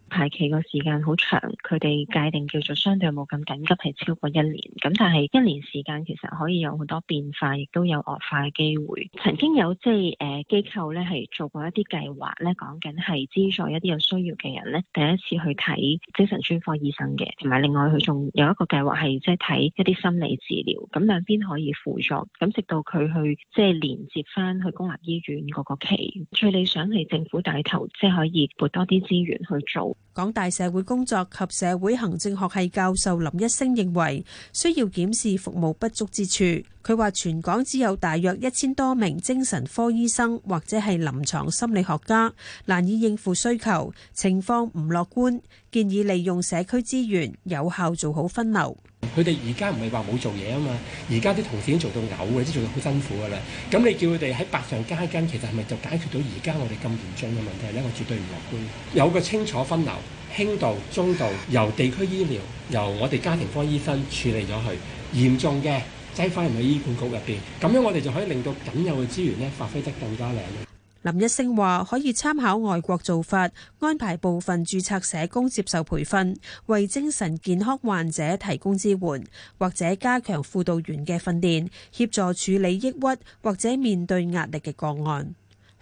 [SPEAKER 14] 排期個時間好長，佢哋界定叫做相對冇咁緊急，係超過一年。咁但係一年時間
[SPEAKER 11] 其實可以有好多變化，亦都有惡化嘅機會。曾經有即係誒機構咧係做過一啲計劃咧，講緊係資助一啲有需要嘅人咧，第一次去睇精神專科醫生嘅，同埋另外佢仲有一個計劃係即係睇一啲心理治療。咁兩邊可以輔助，咁直到佢去即係連接翻去公立醫院嗰個期。
[SPEAKER 14] 最理想係政府帶頭，即係可以撥多啲資源去做。港大社會工作及社會行政學系教授林一星認為，需要檢視服務不足之處。佢話：全港只有大約一千多名精神科醫生或者係臨床心理學家，難以應付需求，情況唔樂觀。建議利用社區資源，有效做好分流。
[SPEAKER 2] 佢哋而家唔係話冇做嘢啊嘛，而家啲同事已經做到嘔嘅，即做到好辛苦㗎啦。咁你叫佢哋喺百上加斤，其實係咪就解決到而家我哋咁嚴重嘅問題呢？我絕對唔樂觀。有個清楚分流，輕度、中度由地區醫療由我哋家庭科醫生處理咗佢。嚴重嘅。擠翻人去醫管局入邊，咁樣我哋就可以令到僅有嘅資源咧發揮得更加靚。
[SPEAKER 14] 林一聲話：可以參考外國做法，安排部分註冊社工接受培訓，為精神健康患者提供支援，或者加強輔導員嘅訓練，協助處理抑鬱或者面對壓力嘅個案。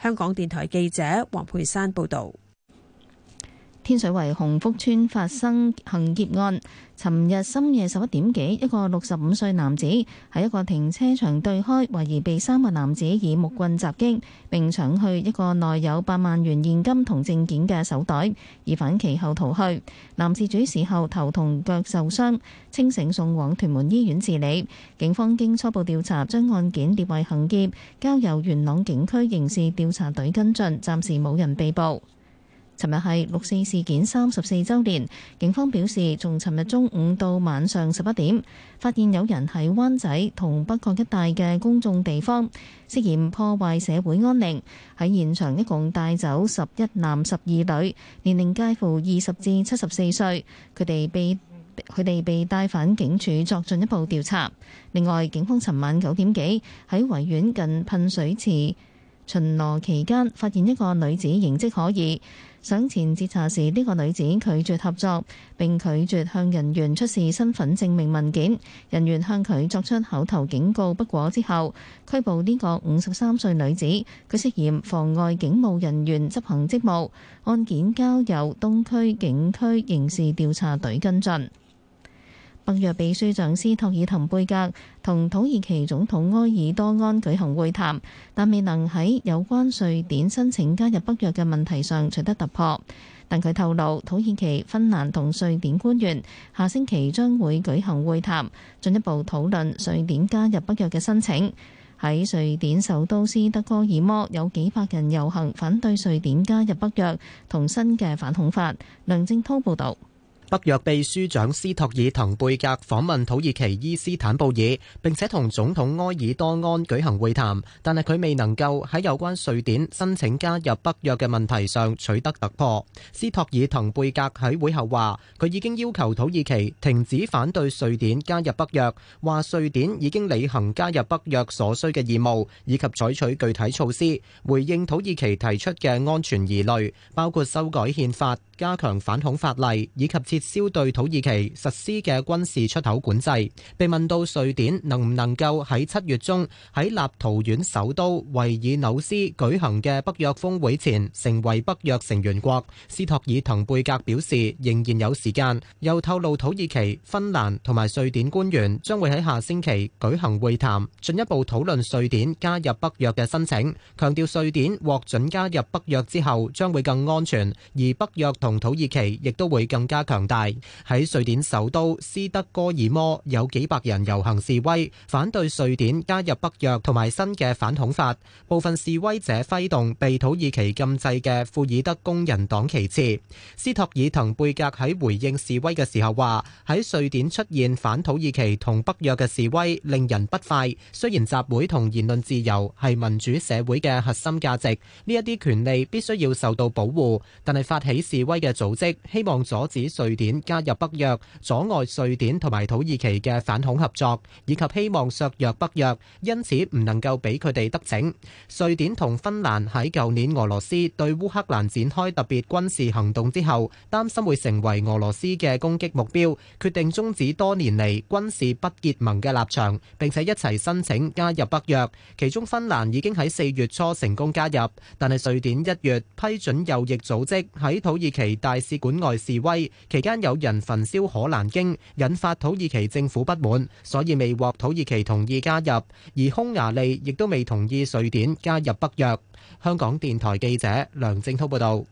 [SPEAKER 14] 香港電台記者黃佩珊報導。
[SPEAKER 9] 天水圍洪福邨發生行劫案，尋日深夜十一點幾，一個六十五歲男子喺一個停車場對開，懷疑被三個男子以木棍襲擊，並搶去一個內有八萬元現金同證件嘅手袋，而反其後逃去。男事主事後頭同腳受傷，清醒送往屯門醫院治理。警方經初步調查，將案件列為行劫，交由元朗警區刑事調查隊跟進，暫時冇人被捕。尋日係六四事件三十四周年，警方表示，從尋日中午到晚上十一點，發現有人喺灣仔同北角一帶嘅公眾地方涉嫌破壞社會安寧，喺現場一共帶走十一男十二女，年齡介乎二十至七十四歲，佢哋被佢哋被帶返警署作進一步調查。另外，警方尋晚九點幾喺維園近噴水池，巡邏期間，發現一個女子形跡可疑，上前截查時，呢個女子拒絕合作，並拒絕向人員出示身份證明文件。人員向佢作出口頭警告不果之後，拘捕呢個五十三歲女子，佢涉嫌妨礙警務人員執行職務。案件交由東區警區刑事調查隊跟進。北約秘書長斯托爾滕貝格同土耳其總統埃爾多安舉行會談，但未能喺有關瑞典申請加入北約嘅問題上取得突破。但佢透露，土耳其、芬蘭同瑞典官員下星期將會舉行會談，進一步討論瑞典加入北約嘅申請。喺瑞典首都斯德哥爾摩有幾百人遊行反對瑞典加入北約同新嘅反恐法。梁正滔報導。
[SPEAKER 1] 北約秘書長斯托爾滕貝格訪問土耳其伊斯坦布爾，並且同總統埃爾多安舉行會談，但係佢未能夠喺有關瑞典申請加入北約嘅問題上取得突破。斯托爾滕貝格喺會後話，佢已經要求土耳其停止反對瑞典加入北約，話瑞典已經履行加入北約所需嘅義務，以及採取具體措施，回應土耳其提出嘅安全疑慮，包括修改憲法。加強反恐法例以及撤銷對土耳其實施嘅軍事出口管制。被問到瑞典能唔能夠喺七月中喺立陶宛首都維爾紐斯舉行嘅北約峰會前成為北約成員國，斯托爾滕貝格表示仍然有時間。又透露土耳其、芬蘭同埋瑞典官員將會喺下星期舉行會談，進一步討論瑞典加入北約嘅申請。強調瑞典獲准加入北約之後將會更安全，而北約同土耳其亦都會更加強大。喺瑞典首都斯德哥爾摩有幾百人遊行示威，反對瑞典加入北約同埋新嘅反恐法。部分示威者揮動被土耳其禁制嘅庫爾德工人黨旗幟。斯托爾滕貝格喺回應示威嘅時候話：喺瑞典出現反土耳其同北約嘅示威令人不快。雖然集會同言論自由係民主社會嘅核心價值，呢一啲權利必須要受到保護，但係發起示威。嘅組織希望阻止瑞典加入北約，阻礙瑞典同埋土耳其嘅反恐合作，以及希望削弱北約。因此唔能夠俾佢哋得逞。瑞典同芬蘭喺舊年俄羅斯對烏克蘭展開特別軍事行動之後，擔心會成為俄羅斯嘅攻擊目標，決定終止多年嚟軍事不結盟嘅立場，並且一齊申請加入北約。其中芬蘭已經喺四月初成功加入，但係瑞典一月批准右翼組織喺土耳其。喺大使館外示威期間，有人焚燒可蘭經，引發土耳其政府不滿，所以未獲土耳其同意加入；而匈牙利亦都未同意瑞典加入北約。香港電台記者梁正濤報道。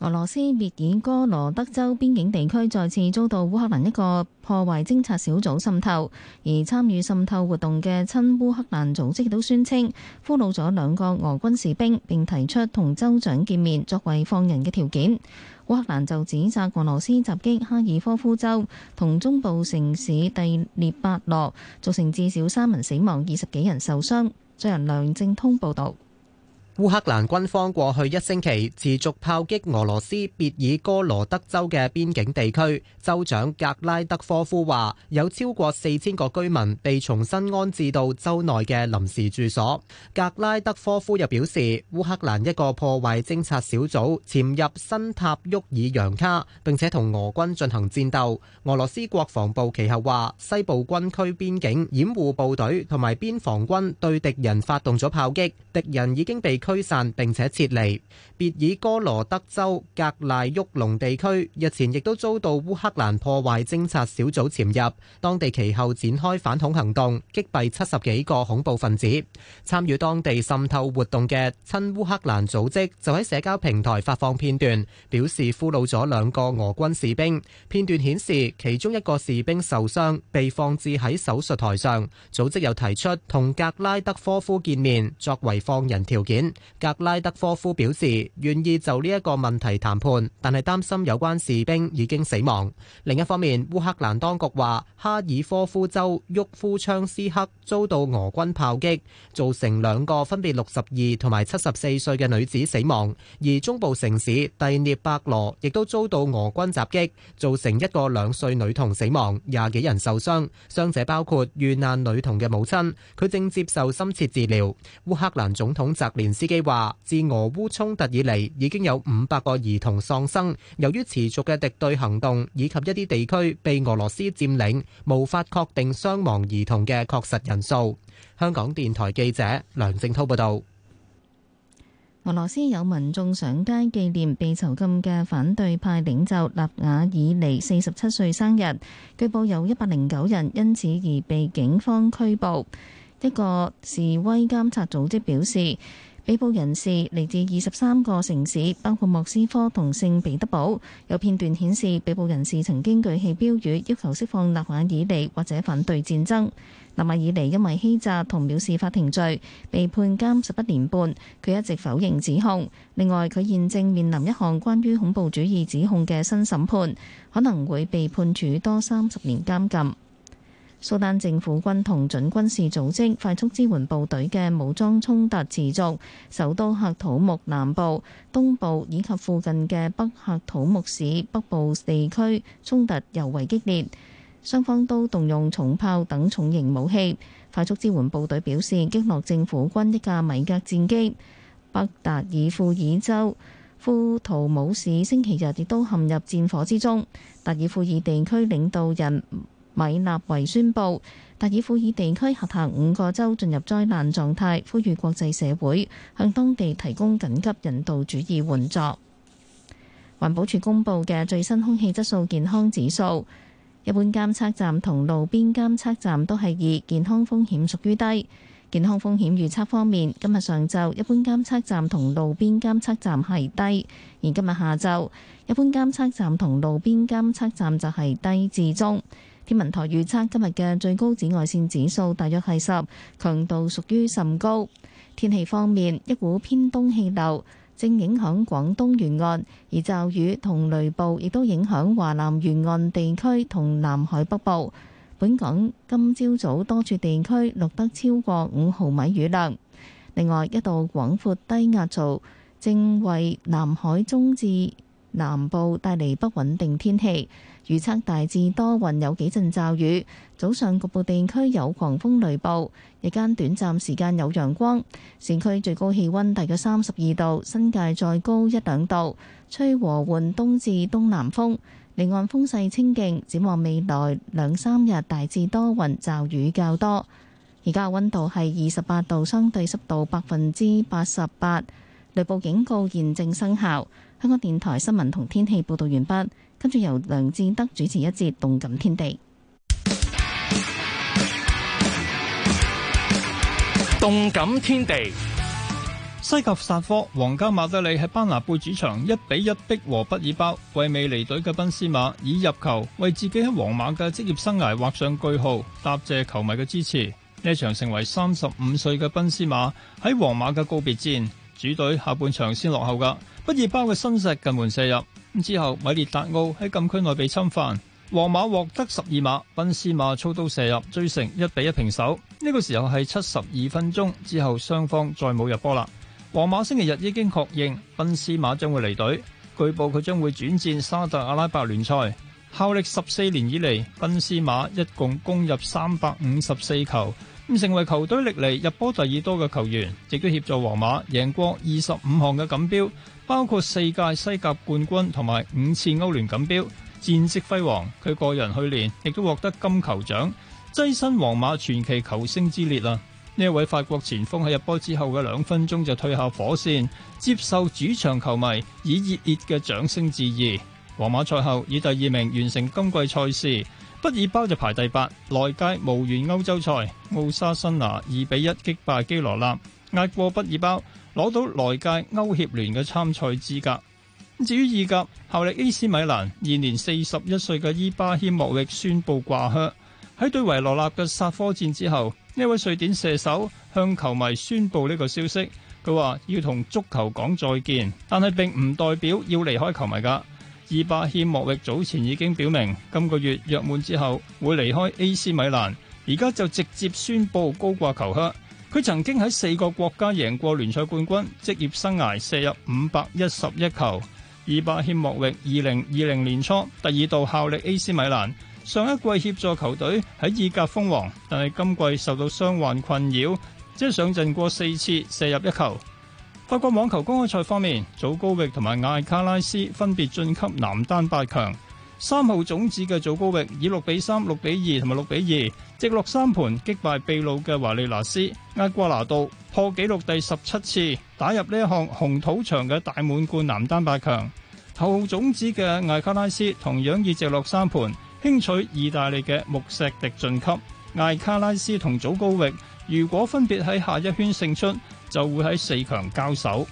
[SPEAKER 9] 俄羅斯別爾哥羅德州邊境地區再次遭到烏克蘭一個破壞偵察小組滲透，而參與滲透活動嘅親烏克蘭組織亦都宣稱俘虜咗兩個俄軍士兵，並提出同州長見面作為放人嘅條件。烏克蘭就指責俄羅斯襲擊哈爾科夫州同中部城市第聶伯羅，造成至少三人死亡、二十幾人受傷。記者梁正通報道。
[SPEAKER 1] 烏克蘭軍方過去一星期持續炮擊俄羅斯別爾哥羅德州嘅邊境地區，州長格拉德科夫話有超過四千個居民被重新安置到州內嘅臨時住所。格拉德科夫又表示，烏克蘭一個破壞偵察小組潛入新塔沃爾揚卡，並且同俄軍進行戰鬥。俄羅斯國防部其後話，西部軍區邊境掩護部隊同埋邊防軍對敵人發動咗炮擊，敵人已經被驅散並且撤離。別爾哥羅德州格賴沃隆地區日前亦都遭到烏克蘭破壞偵察小組潛入，當地其後展開反恐行動，擊斃七十幾個恐怖分子。參與當地滲透活動嘅親烏克蘭組織就喺社交平台發放片段，表示俘虜咗兩個俄軍士兵。片段顯示其中一個士兵受傷，被放置喺手術台上。組織又提出同格拉德科夫見面作為放人條件。格拉德科夫表示願意就呢一個問題談判，但係擔心有關士兵已經死亡。另一方面，烏克蘭當局話哈爾科夫州沃夫昌斯克遭到俄軍炮擊，造成兩個分別六十二同埋七十四歲嘅女子死亡。而中部城市蒂涅伯羅亦都遭到俄軍襲擊，造成一個兩歲女童死亡，廿幾人受傷，傷者包括遇難女童嘅母親，佢正接受深切治療。烏克蘭總統澤連斯基。司機話：自俄烏衝突以嚟，已經有五百個兒童喪生。由於持續嘅敵對行動以及一啲地區被俄羅斯佔領，無法確定傷亡兒童嘅確實人數。香港電台記者梁正濤報道：
[SPEAKER 9] 俄羅斯有民眾上街紀念被囚禁嘅反對派領袖納瓦爾尼四十七歲生日。據報有一百零九人因此而被警方拘捕。一個示威監察組織表示。被捕人士嚟自二十三個城市，包括莫斯科同聖彼得堡。有片段顯示，被捕人士曾經舉起標語要求釋放納瓦爾尼，或者反對戰爭。納瓦爾尼因為欺詐同藐視法庭罪被判監十一年半，佢一直否認指控。另外，佢現正面臨一項關於恐怖主義指控嘅新審判，可能會被判處多三十年監禁。蘇丹政府軍同準軍事組織快速支援部隊嘅武裝衝突持續，首都喀土穆南部、東部以及附近嘅北喀土穆市北部地區衝突尤為激烈，雙方都動用重炮等重型武器。快速支援部隊表示擊落政府軍一架米格戰機。北達爾富爾州、庫圖姆市星期日亦都陷入戰火之中。達爾富爾地區領導人米納維宣佈，達爾富爾地區轄下五個州進入災難狀態，呼籲國際社會向當地提供緊急人道主義援助。環保署公佈嘅最新空氣質素健康指數，一般監測站同路邊監測站都係二，健康風險屬於低。健康風險預測方面，今日上晝一般監測站同路邊監測站係低，而今日下晝一般監測站同路邊監測站就係低至中。天文台預測今日嘅最高紫外線指數大約係十，強度屬於甚高。天氣方面，一股偏東氣流正影響廣東沿岸，而驟雨同雷暴亦都影響華南沿岸地區同南海北部。本港今朝早多處地區錄得超過五毫米雨量。另外，一道廣闊低壓槽正為南海中至南部帶嚟不穩定天氣。預測大致多雲，有幾陣驟雨。早上局部地區有狂風雷暴，日間短暫時間有陽光。市區最高氣温大約三十二度，新界再高一兩度。吹和緩東至東南風，離岸風勢清勁。展望未來兩三日，大致多雲，驟雨較多。而家温度係二十八度，相對濕度百分之八十八，雷暴警告現正生效。香港電台新聞同天氣報道完畢。跟住由梁志德主持一節《動感天地》。
[SPEAKER 2] 《動感天地》，西甲煞科，
[SPEAKER 15] 皇家馬德里喺班拿貝主場一比一逼和畢爾包。為未離隊嘅賓斯馬以入球為自己喺皇馬嘅職業生涯畫上句號，答謝球迷嘅支持。呢場成為三十五歲嘅賓斯馬喺皇馬嘅告別戰。主隊下半場先落後，噶畢爾包嘅新石近門射入。之後，米列達奧喺禁區內被侵犯，皇馬獲得十二碼，賓斯馬操刀射入，追成一比一平手。呢個時候係七十二分鐘之後，雙方再冇入波啦。皇馬星期日已經確認賓斯馬將會離隊，據報佢將會轉戰沙特阿拉伯聯賽。效力十四年以嚟，賓斯馬一共攻入三百五十四球，咁成為球隊歷嚟入波第二多嘅球員，亦都協助皇馬贏過二十五項嘅錦標。包括四屆西甲冠軍同埋五次歐聯錦標，戰績輝煌。佢個人去年亦都獲得金球獎，躋身皇馬傳奇球星之列啦。呢位法國前鋒喺入波之後嘅兩分鐘就退下火線，接受主場球迷以熱烈嘅掌聲致意。皇馬賽後以第二名完成今季賽事，畢爾包就排第八，來屆無緣歐洲賽。奧沙辛拿二比一擊敗基羅納，壓過畢爾包。攞到來屆歐協聯嘅參賽資格。至於意甲效力 AC 米蘭現年四十一歲嘅伊巴謙莫力宣布掛靴。喺對維羅納嘅殺科戰之後，呢位瑞典射手向球迷宣布呢個消息。佢話要同足球講再見，但係並唔代表要離開球迷噶。伊巴謙莫力早前已經表明今個月約滿之後會離開 AC 米蘭，而家就直接宣布高掛球靴。佢曾經喺四個國家贏過聯賽冠軍，職業生涯射入五百一十一球。伊巴謙莫域二零二零年初第二度效力 A.C. 米蘭，上一季協助球隊喺意甲封王，但係今季受到傷患困擾，只係上陣過四次，射入一球。法國網球公開賽方面，祖高域同埋艾卡拉斯分別晉級男單八強。三號種子嘅祖高域以六比三、六比二同埋六比二直落三盤擊敗秘魯嘅華利拿斯，厄瓜拿度破紀錄第十七次打入呢一項紅土場嘅大滿貫男單八強。頭號種子嘅艾卡拉斯同樣以直落三盤輕取意大利嘅穆石迪晉級。艾卡拉斯同祖高域如果分別喺下一圈勝出，就會喺四強交手。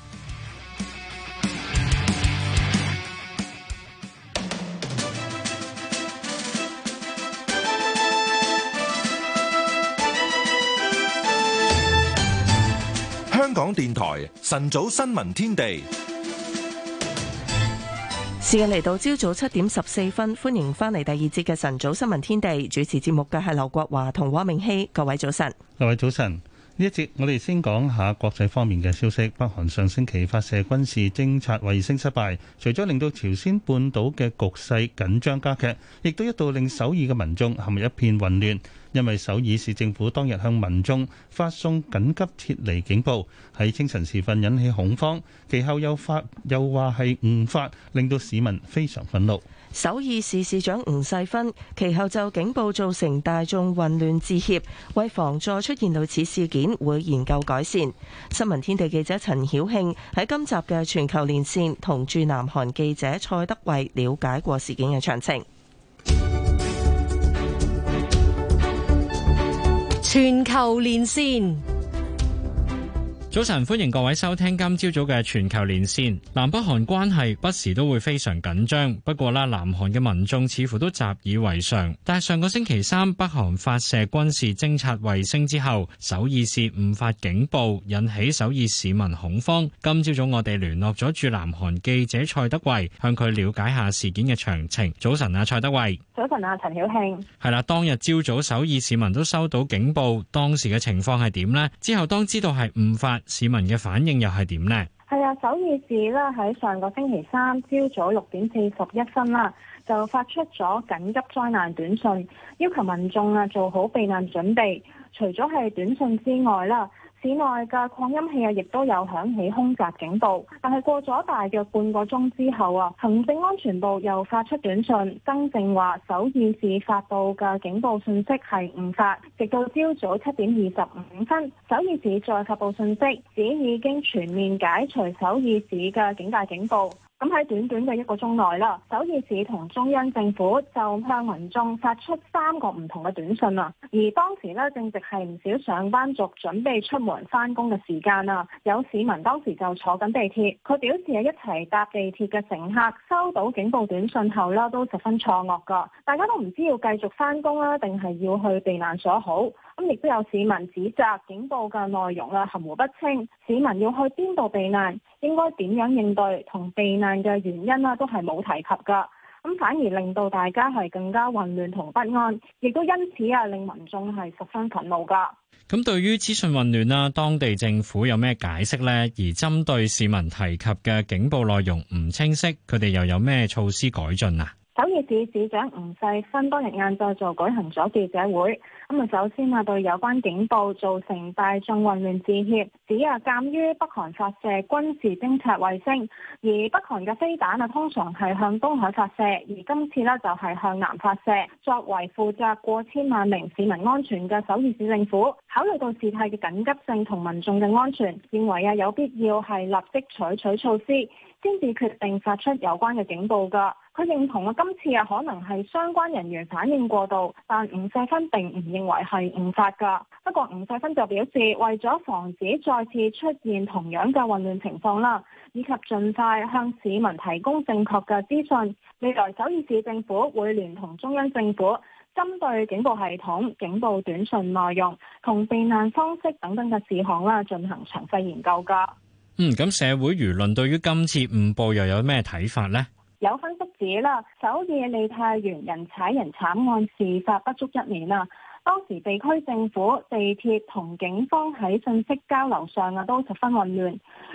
[SPEAKER 2] 電台晨早新聞天地，
[SPEAKER 3] 時間嚟到朝早七點十四分，歡迎翻嚟第二節嘅晨早新聞天地。主持節目嘅係劉國華同汪明熙。各位早晨，
[SPEAKER 4] 各位早晨。呢一節我哋先講下國際方面嘅消息。北韓上星期發射軍事偵察衛星失敗，除咗令到朝鮮半島嘅局勢緊張加劇，亦都一度令首爾嘅民眾陷入一片混亂。因為首爾市政府當日向民眾發送緊急撤離警報，喺清晨時分引起恐慌，其後又發又話係誤發，令到市民非常憤怒。
[SPEAKER 3] 首爾市市長吳世勳其後就警報造成大眾混亂致歉，為防再出現類似事件，會研究改善。新聞天地記者陳曉慶喺今集嘅全球連線同駐南韓記者蔡德慧了解過事件嘅詳
[SPEAKER 12] 情。全球連線，
[SPEAKER 16] 早晨，歡迎各位收聽今朝早嘅全球連線。南北韓關係不時都會非常緊張，不過啦，南韓嘅民眾似乎都習以為常。但係上個星期三，北韓發射軍事偵察衛星之後，首爾市誤發警報，引起首爾市民恐慌。今朝早我哋聯絡咗駐南韓記者蔡德慧，向佢了解下事件嘅詳情。早晨啊，蔡德慧。
[SPEAKER 17] 早晨啊，陳曉慶。
[SPEAKER 16] 係啦，當日朝早首爾市民都收到警報，當時嘅情況係點呢？之後當知道係誤發，市民嘅反應又係點呢？
[SPEAKER 17] 係啊，首爾市咧喺上個星期三朝早六點四十一分啦，就發出咗緊急災難短信，要求民眾啊做好避難準備。除咗係短信之外啦。市內嘅擴音器啊，亦都有響起空襲警報，但係過咗大約半個鐘之後啊，行政安全部又發出短信更正話，首爾市發布嘅警報信息係誤發，直到朝早七點二十五分，首爾市再發佈信息，指已經全面解除首爾市嘅警戒警報。咁喺短短嘅一個鐘內啦，首爾市同中央政府就向民眾發出三個唔同嘅短信啦。而當時咧正值係唔少上班族準備出門翻工嘅時間啦，有市民當時就坐緊地鐵，佢表示，喺一齊搭地鐵嘅乘客收到警報短信後啦，都十分錯愕噶，大家都唔知要繼續翻工啦，定係要去避難所好。咁亦都有市民指責警報嘅內容啦含糊不清，市民要去邊度避難，應該點樣應對同避難嘅原因啦，都係冇提及㗎，咁反而令到大家係更加混亂同不安，亦都因此啊令民眾係十分憤怒㗎。
[SPEAKER 16] 咁對於資訊混亂啊，當地政府有咩解釋呢？而針對市民提及嘅警報內容唔清晰，佢哋又有咩措施改進啊？
[SPEAKER 17] 首爾市市長吳世勳當日晏再晝就舉行咗記者會。今日首先啊，對有關警報造成大眾混亂致歉。只啊，鑒於北韓發射軍事偵察衛星，而北韓嘅飛彈啊，通常係向東海發射，而今次咧就係向南發射。作為負責過千萬名市民安全嘅首爾市政府，考慮到事態嘅緊急性同民眾嘅安全，認為啊有必要係立即採取,取措施，先至決定發出有關嘅警報噶。佢認同啊，今次啊可能係相關人員反應過度，但吳世勳並唔認。認為係誤發噶不過吳世芬就表示，為咗防止再次出現同樣嘅混亂情況啦，以及盡快向市民提供正確嘅資訊，未來首爾市政府會聯同中央政府，針對警報系統、警報短信內容同避難方式等等嘅事項啦，進行詳細研究噶。
[SPEAKER 16] 嗯，咁社會輿論對於今次誤報又有咩睇法呢？嗯、
[SPEAKER 17] 有分析指啦，首爾梨泰院人踩人慘案事發不足一年啊。當時地區政府、地鐵同警方喺信息交流上啊都十分混亂，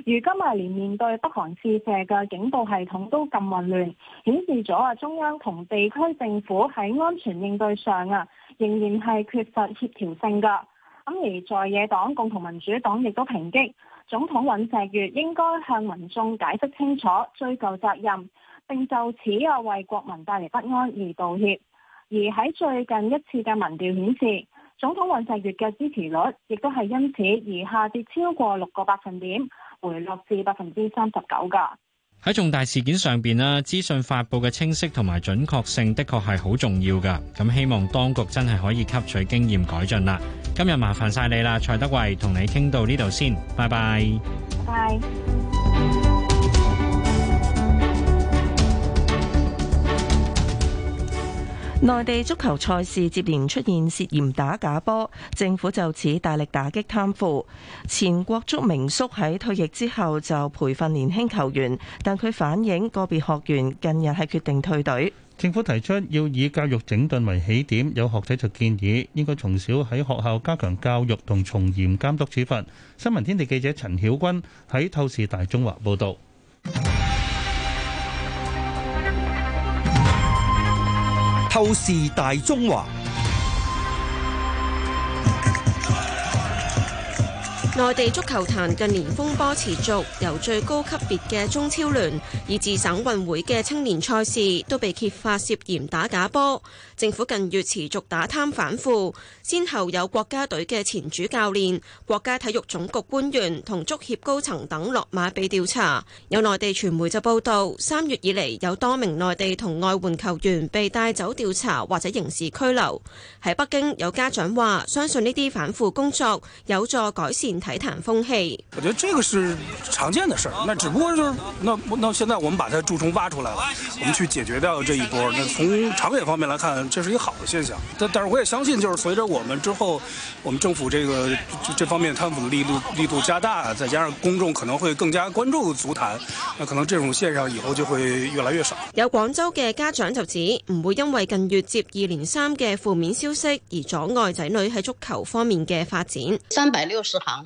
[SPEAKER 17] 如今啊連面對北韓試射嘅警報系統都咁混亂，顯示咗啊中央同地區政府喺安全應對上啊仍然係缺乏協調性㗎。咁而在野黨共同民主黨亦都抨擊總統尹錫悅應該向民眾解釋清楚、追究責任，並就此啊為國民帶嚟不安而道歉。而喺最近一次嘅民調顯示，總統尹錫悅嘅支持率亦都係因此而下跌超過六個百分點，回落至百分之三十九噶。
[SPEAKER 16] 喺重大事件上邊咧，資訊發布嘅清晰同埋準確性的確係好重要噶。咁希望當局真係可以吸取經驗改進啦。今日麻煩晒你啦，蔡德偉，同你傾到呢度先，拜拜。
[SPEAKER 17] 拜。
[SPEAKER 3] 內地足球賽事接連出現涉嫌打假波，政府就此大力打擊貪腐。前國足名宿喺退役之後就培訓年輕球員，但佢反映個別學員近日係決定退隊。政府提出
[SPEAKER 4] 要以教育整頓為起點，有學者就建議應該從小喺學校加強教育同從嚴監督處罰。新聞天地記者陳曉君喺透視大中華報
[SPEAKER 8] 道。就是大中華。
[SPEAKER 18] 內地足球壇近年風波持續，由最高級別嘅中超聯，以至省運會嘅青年賽事，都被揭發涉嫌打假波。政府近月持續打貪反腐，先後有國家隊嘅前主教練、國家體育總局官員同足協高層等落馬被調查。有內地傳媒就報道，三月以嚟有多名內地同外援球員被帶走調查或者刑事拘留。喺北京，有家長話，相信呢啲反腐工作有助改善踩壇風氣。
[SPEAKER 8] 我覺得這個是常見的事，那只不過就是，那那現在我們把它蛀蟲挖出來了，我們去解決掉這一波。那從長遠方面來看，這是一個好的現象。但但是我也相信，就是隨着我們之後，我們政府這個這方面貪腐力度力度加大，再加上公眾可能會更加關注足壇，那可能這種現象以後就會越來越少。
[SPEAKER 18] 有廣州的家長就指，不會因為近月接二連三的負面消息而阻礙仔女喺足球方面的發展。三百六十行。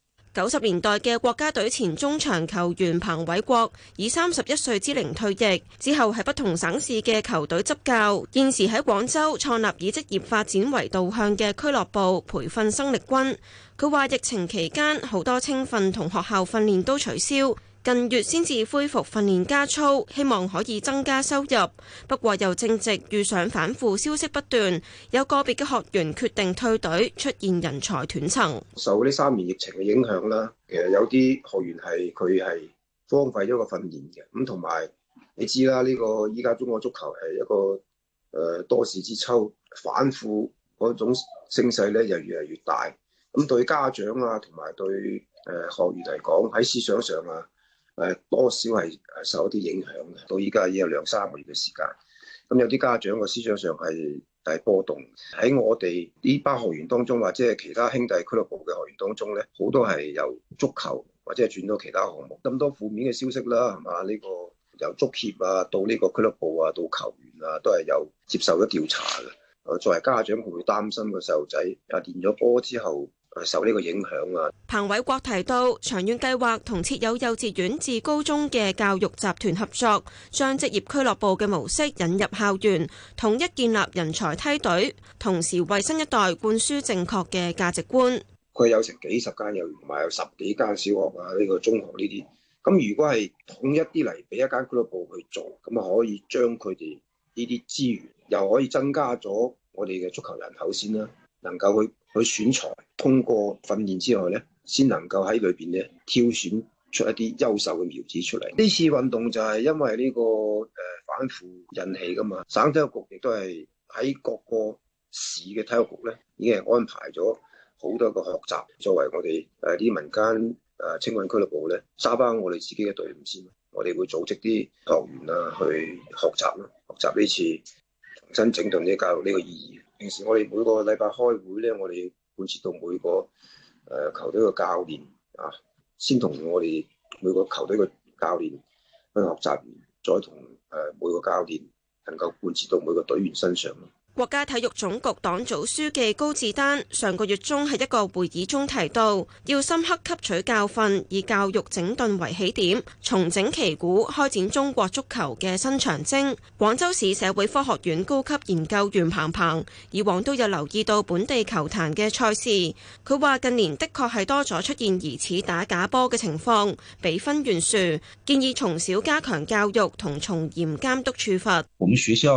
[SPEAKER 18] 九十年代嘅國家隊前中場球員彭偉國，以三十一歲之齡退役之後，喺不同省市嘅球隊執教，現時喺廣州創立以職業發展為導向嘅俱樂部培訓生力軍。佢話疫情期間好多青訓同學校訓練都取消。近月先至恢復訓練加操，希望可以增加收入。不過又正值遇上反腐消息不斷，有個別嘅學員決定退隊，出現人才斷層。
[SPEAKER 19] 受呢三年疫情嘅影響啦，其實有啲學員係佢係荒廢咗個訓練嘅。咁同埋你知啦，呢、這個依家中國足球係一個誒、呃、多事之秋，反腐嗰種聲勢咧又越嚟越大。咁對家長啊，同埋對誒學員嚟講，喺思想上啊～誒多少係受一啲影響嘅，到依家已有兩三個月嘅時間。咁有啲家長嘅思想上係係波動，喺我哋呢班學員當中，或者係其他兄弟俱樂部嘅學員當中咧，好多係由足球或者係轉到其他項目。咁多負面嘅消息啦，係嘛？呢個由足協啊，到呢個俱樂部啊，到球員啊，都係有接受咗調查嘅。作為家長，會唔會擔心個細路仔啊練咗波之後？受呢個影響啊！
[SPEAKER 18] 彭偉國提到，長遠計劃同設有幼稚園至高中嘅教育集團合作，將職業俱樂部嘅模式引入校園，統一建立人才梯隊，同時為新一代灌輸正確嘅價值觀。
[SPEAKER 19] 佢有成幾十間幼兒園，埋有十幾間小學啊，呢個中學呢啲。咁如果係統一啲嚟俾一間俱樂部去做，咁啊可以將佢哋呢啲資源，又可以增加咗我哋嘅足球人口先啦，能夠去。去選材，通過訓練之外咧，先能夠喺裏邊咧挑選出一啲優秀嘅苗子出嚟。呢次運動就係因為呢、這個誒、呃、反腐引起噶嘛。省體育局亦都係喺各個市嘅體育局咧，已經係安排咗好多個學習，作為我哋誒啲民間誒青訓俱樂部咧，揸翻我哋自己嘅隊伍先。我哋會組織啲學員啊去學習咯，學習呢次重新整頓啲教育呢個意義。平時我哋每個禮拜開會咧，我哋貫徹到每個誒、呃、球隊嘅教練啊，先同我哋每個球隊嘅教練去學習，再同誒每個教練能夠貫徹到每個隊員身上咯。
[SPEAKER 18] 國家體育總局黨組書記高志丹上個月中喺一個會議中提到，要深刻吸取教訓，以教育整頓為起點，重整旗鼓，開展中國足球嘅新長征。廣州市社會科學院高級研究員彭澎以往都有留意到本地球壇嘅賽事，佢話近年的確係多咗出現疑似打假波嘅情況，比分懸殊，建議從小加強教育同從嚴監督處罰。
[SPEAKER 19] 我們學校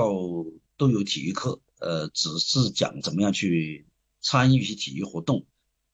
[SPEAKER 19] 都有體育課。呃，只是講怎麼樣去參與一些體育活動，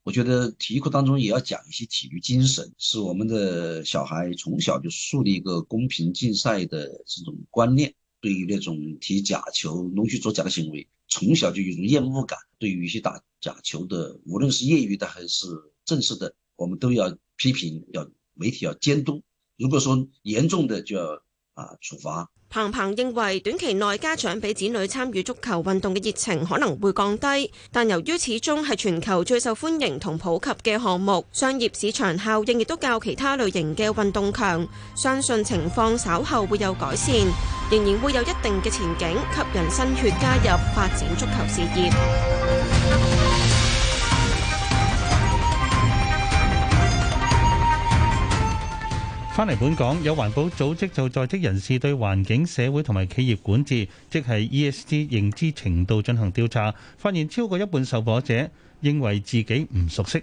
[SPEAKER 19] 我覺得體育課當中也要講一些體育精神，使我們的小孩從小就樹立一個公平競賽的這種觀念。對於那種踢假球、弄虛作假的行為，從小就有一種厭惡感。對於一些打假球的，無論是業餘的還是正式的，我們都要批評，要媒體要監督。如果說嚴重的，就要啊、呃、處罰。
[SPEAKER 18] 彭彭認為，短期內家長俾子女參與足球運動嘅熱情可能會降低，但由於始終係全球最受歡迎同普及嘅項目，商業市場效應亦都較其他類型嘅運動強，相信情況稍後會有改善，仍然會有一定嘅前景，吸引新血加入發展足球事業。
[SPEAKER 4] 返嚟本港，有環保組織就在職人士對環境、社會同埋企業管治，即係 E S G 認知程度進行調查，發現超過一半受訪者認為自己唔熟悉。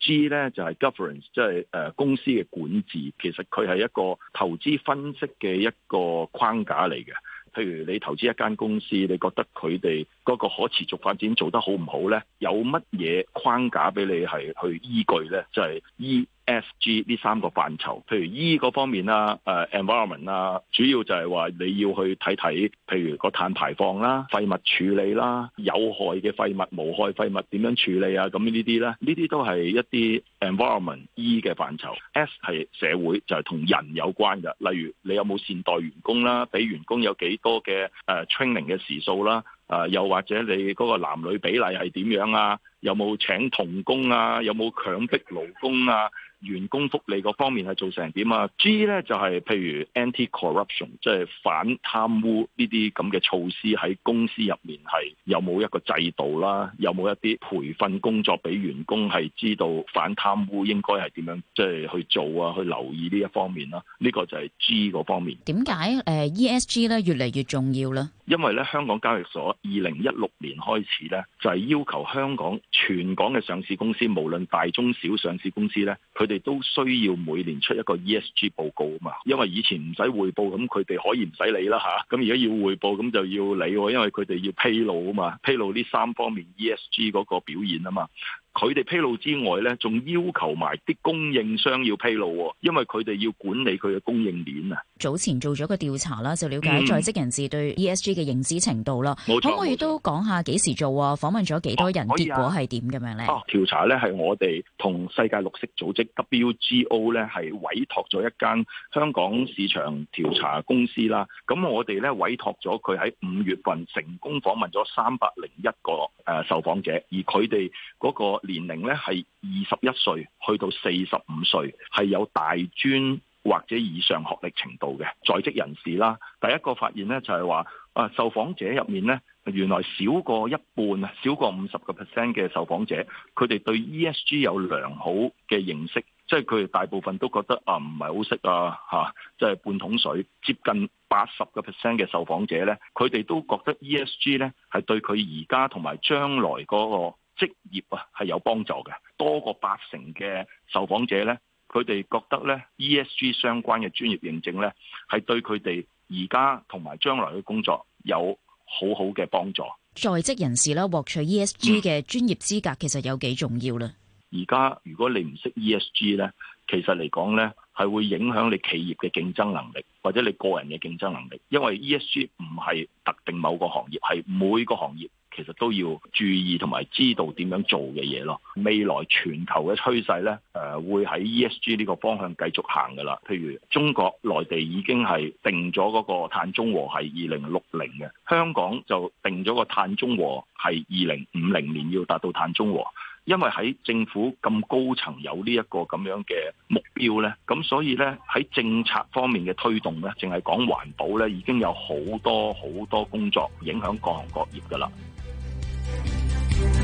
[SPEAKER 5] G 咧就係 governance，即係誒公司嘅管治，其實佢係一個投資分析嘅一個框架嚟嘅。譬如你投資一間公司，你覺得佢哋嗰個可持續發展做得好唔好咧？有乜嘢框架俾你係去依據咧？就係依、S、G 呢三個範疇，譬如 E 嗰方面啦，誒、uh, environment 啦，主要就係話你要去睇睇，譬如個碳排放啦、廢物處理啦、有害嘅廢物、無害廢物點樣處理啊，咁呢啲咧，呢啲都係一啲 environment E 嘅範疇。S 係社會，就係、是、同人有關嘅，例如你有冇善待員工啦，俾員工有幾多嘅誒、uh, training 嘅時數啦。啊，又或者你嗰個男女比例係點樣啊？有冇請童工啊？有冇強迫勞工啊？員工福利嗰方面係做成點啊？G 呢就係、是、譬如 Anti-Corruption，即係反貪污呢啲咁嘅措施喺公司入面係有冇一個制度啦、啊？有冇一啲培訓工作俾員工係知道反貪污應該係點樣即係去做啊？去留意呢一方面啦、啊，呢、這個就係 G 嗰方面。點
[SPEAKER 9] 解 ESG 咧越嚟越重要呢？
[SPEAKER 5] 因為咧香港交易所，二零一六年開始呢，就係要求香港全港嘅上市公司，無論大中小上市公司呢，佢哋都需要每年出一個 ESG 報告啊嘛。因為以前唔使匯報，咁佢哋可以唔使理啦嚇。咁而家要匯報，咁就要理，因為佢哋要披露啊嘛，披露呢三方面 ESG 嗰個表現啊嘛。佢哋披露之外咧，仲要求埋啲供應商要披露，因為佢哋要管理佢嘅供應鏈啊。
[SPEAKER 9] 早前做咗個調查啦，就了解在職人士對 ESG 嘅認知程度啦。冇、嗯、錯，可唔、哦、可以都講下幾時做訪問咗幾多人？結果係點咁樣咧？啊，
[SPEAKER 5] 調查咧係我哋同世界綠色組織 WGO 咧係委託咗一間香港市場調查公司啦。咁我哋咧委託咗佢喺五月份成功訪問咗三百零一個誒受訪者，而佢哋嗰個。年齡咧係二十一歲去到四十五歲，係有大專或者以上學歷程度嘅在職人士啦。第一個發現咧就係話，啊，受訪者入面咧，原來少過一半，少過五十個 percent 嘅受訪者，佢哋對 ESG 有良好嘅認識，即係佢哋大部分都覺得啊唔係好識啊嚇，即係半桶水，接近八十個 percent 嘅受訪者咧，佢哋都覺得 ESG 咧係對佢而家同埋將來嗰個。職業啊係有幫助嘅，多過八成嘅受訪者呢，佢哋覺得呢 ESG 相關嘅專業認證呢係對佢哋而家同埋將來嘅工作有好好嘅幫助。
[SPEAKER 9] 在職人士咧獲取 ESG 嘅專業資格，其實有幾重要咧？
[SPEAKER 5] 而家如果你唔識 ESG 呢其實嚟講呢係會影響你企業嘅競爭能力，或者你個人嘅競爭能力，因為 ESG 唔係特定某個行業，係每個行業。其實都要注意同埋知道點樣做嘅嘢咯。未來全球嘅趨勢咧，誒、呃、會喺 ESG 呢個方向繼續行㗎喇。譬如中國內地已經係定咗嗰個碳中和係二零六零嘅，香港就定咗個碳中和係二零五零年要達到碳中和。因為喺政府咁高層有呢一個咁樣嘅目標咧，咁所以咧喺政策方面嘅推動咧，淨係講環保咧，已經有好多好多工作影響各行各業㗎喇。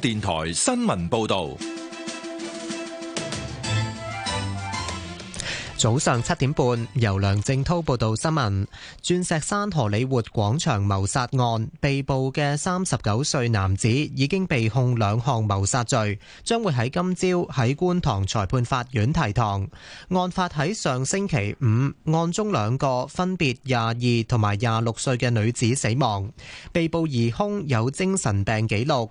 [SPEAKER 1] 電台
[SPEAKER 2] 新聞報道，
[SPEAKER 1] 早上七點半，由梁正濤報道新聞。鑽石山荷里活廣場謀殺案被捕嘅三十九歲男子，已經被控兩項謀殺罪，將會喺今朝喺觀塘裁判法院提堂。案發喺上星期五，案中兩個分別廿二同埋廿六歲嘅女子死亡，被捕疑兇有精神病記錄。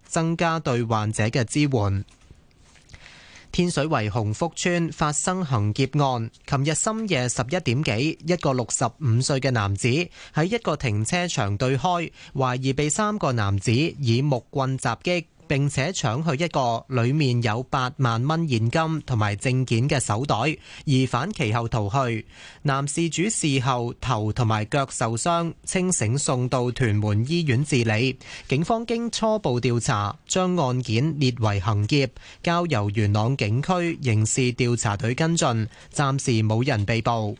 [SPEAKER 1] 增加對患者嘅支援。天水圍洪福村發生行劫案，琴日深夜十一點幾，一個六十五歲嘅男子喺一個停車場對開，懷疑被三個男子以木棍襲擊。並且搶去一個裡面有八萬蚊現金同埋證件嘅手袋，疑犯其後逃去。男事主事後頭同埋腳受傷，清醒送到屯門醫院治理。警方經初步調查，將案件列為行劫，交由元朗警區刑事調查隊跟進，暫時冇人被捕。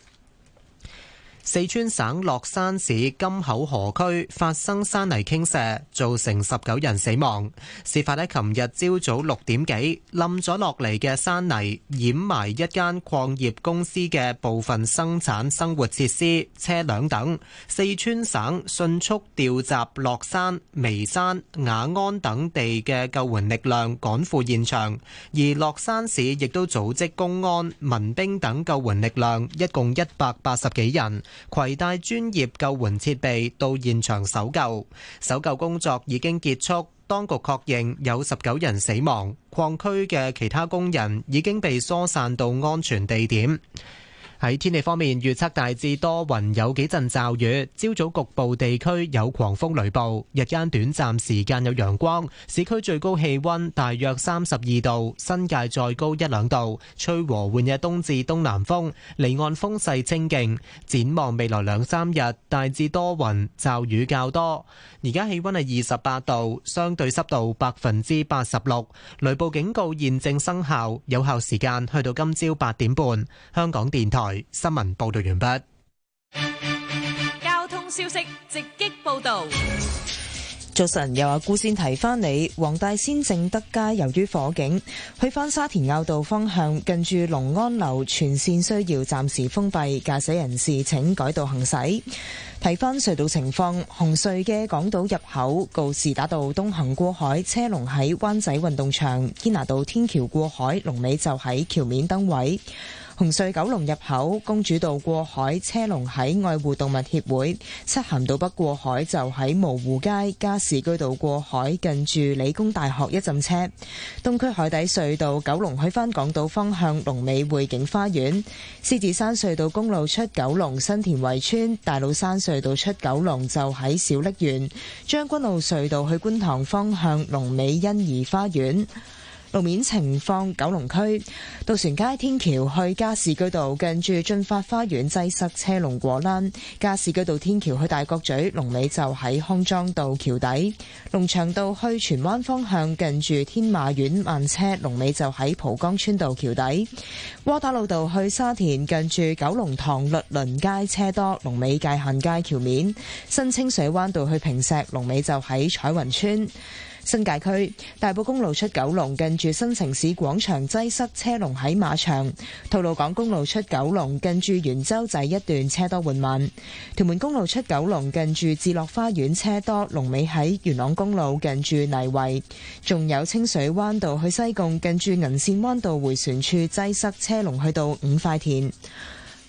[SPEAKER 1] 四川省樂山市金口河區發生山泥傾瀉，造成十九人死亡。事發喺琴日朝早六點幾，冧咗落嚟嘅山泥掩埋一間礦業公司嘅部分生產、生活設施、車輛等。四川省迅速調集樂山、眉山、雅安等地嘅救援力量趕赴現場，而樂山市亦都組織公安、民兵等救援力量，一共一百八十幾人。攜帶專業救援設備到現場搜救，搜救工作已經結束。當局確認有十九人死亡，礦區嘅其他工人已經被疏散到安全地點。喺天氣方面預測大致多雲，有幾陣驟雨，朝早局部地區有狂風雷暴，日間短暫時間有陽光。市區最高氣溫大約三十二度，新界再高一兩度。吹和緩嘅東至東南風，離岸風勢清勁。展望未來兩三日，大致多雲，驟雨較多。而家氣溫係二十八度，相對濕度百分之八十六，雷暴警告現正生效，有效時間去到今朝八點半。香港電台。新聞報道完畢。
[SPEAKER 12] 交通消息直擊報道。
[SPEAKER 13] 早晨，又阿姑先提翻你，黃大仙正德街由於火警，去翻沙田坳道方向近住龍安樓全綫需要暫時封閉，駕駛人士請改道行駛。提翻隧道情況，紅隧嘅港島入口告士打道東行過海車龍喺灣仔運動場堅拿道天橋過海，龍尾就喺橋面燈位。紅隧九龍入口公主道過海車龍喺愛護動物協會，漆咸道北過海就喺蕪湖街，加士居道過海近住理工大學一陣車，東區海底隧道九龍去返港島方向龍尾匯景花園，獅子山隧道公路出九龍新田圍村，大老山隧道出九龍就喺小瀝源，將軍澳隧道去觀塘方向龍尾欣怡花園。路面情況，九龍區渡船街天橋去加士居道近住俊發花園擠塞車龍過欄；加士居道天橋去大角咀龍尾就喺康莊道橋底；龍翔道去荃灣方向近住天馬苑慢車龍尾就喺蒲崗村道橋底；窩打老道去沙田近住九龍塘律倫街車多龍尾界限街橋面；新清水灣道去坪石龍尾就喺彩雲村。新界區大埔公路出九龍近住新城市廣場擠塞車龍喺馬場，吐露港公路出九龍近住元洲仔一段車多緩慢，屯門公路出九龍近住智樂花園車多，龍尾喺元朗公路近住泥圍，仲有清水灣道去西貢近住銀線灣道回旋處擠塞車龍去到五塊田。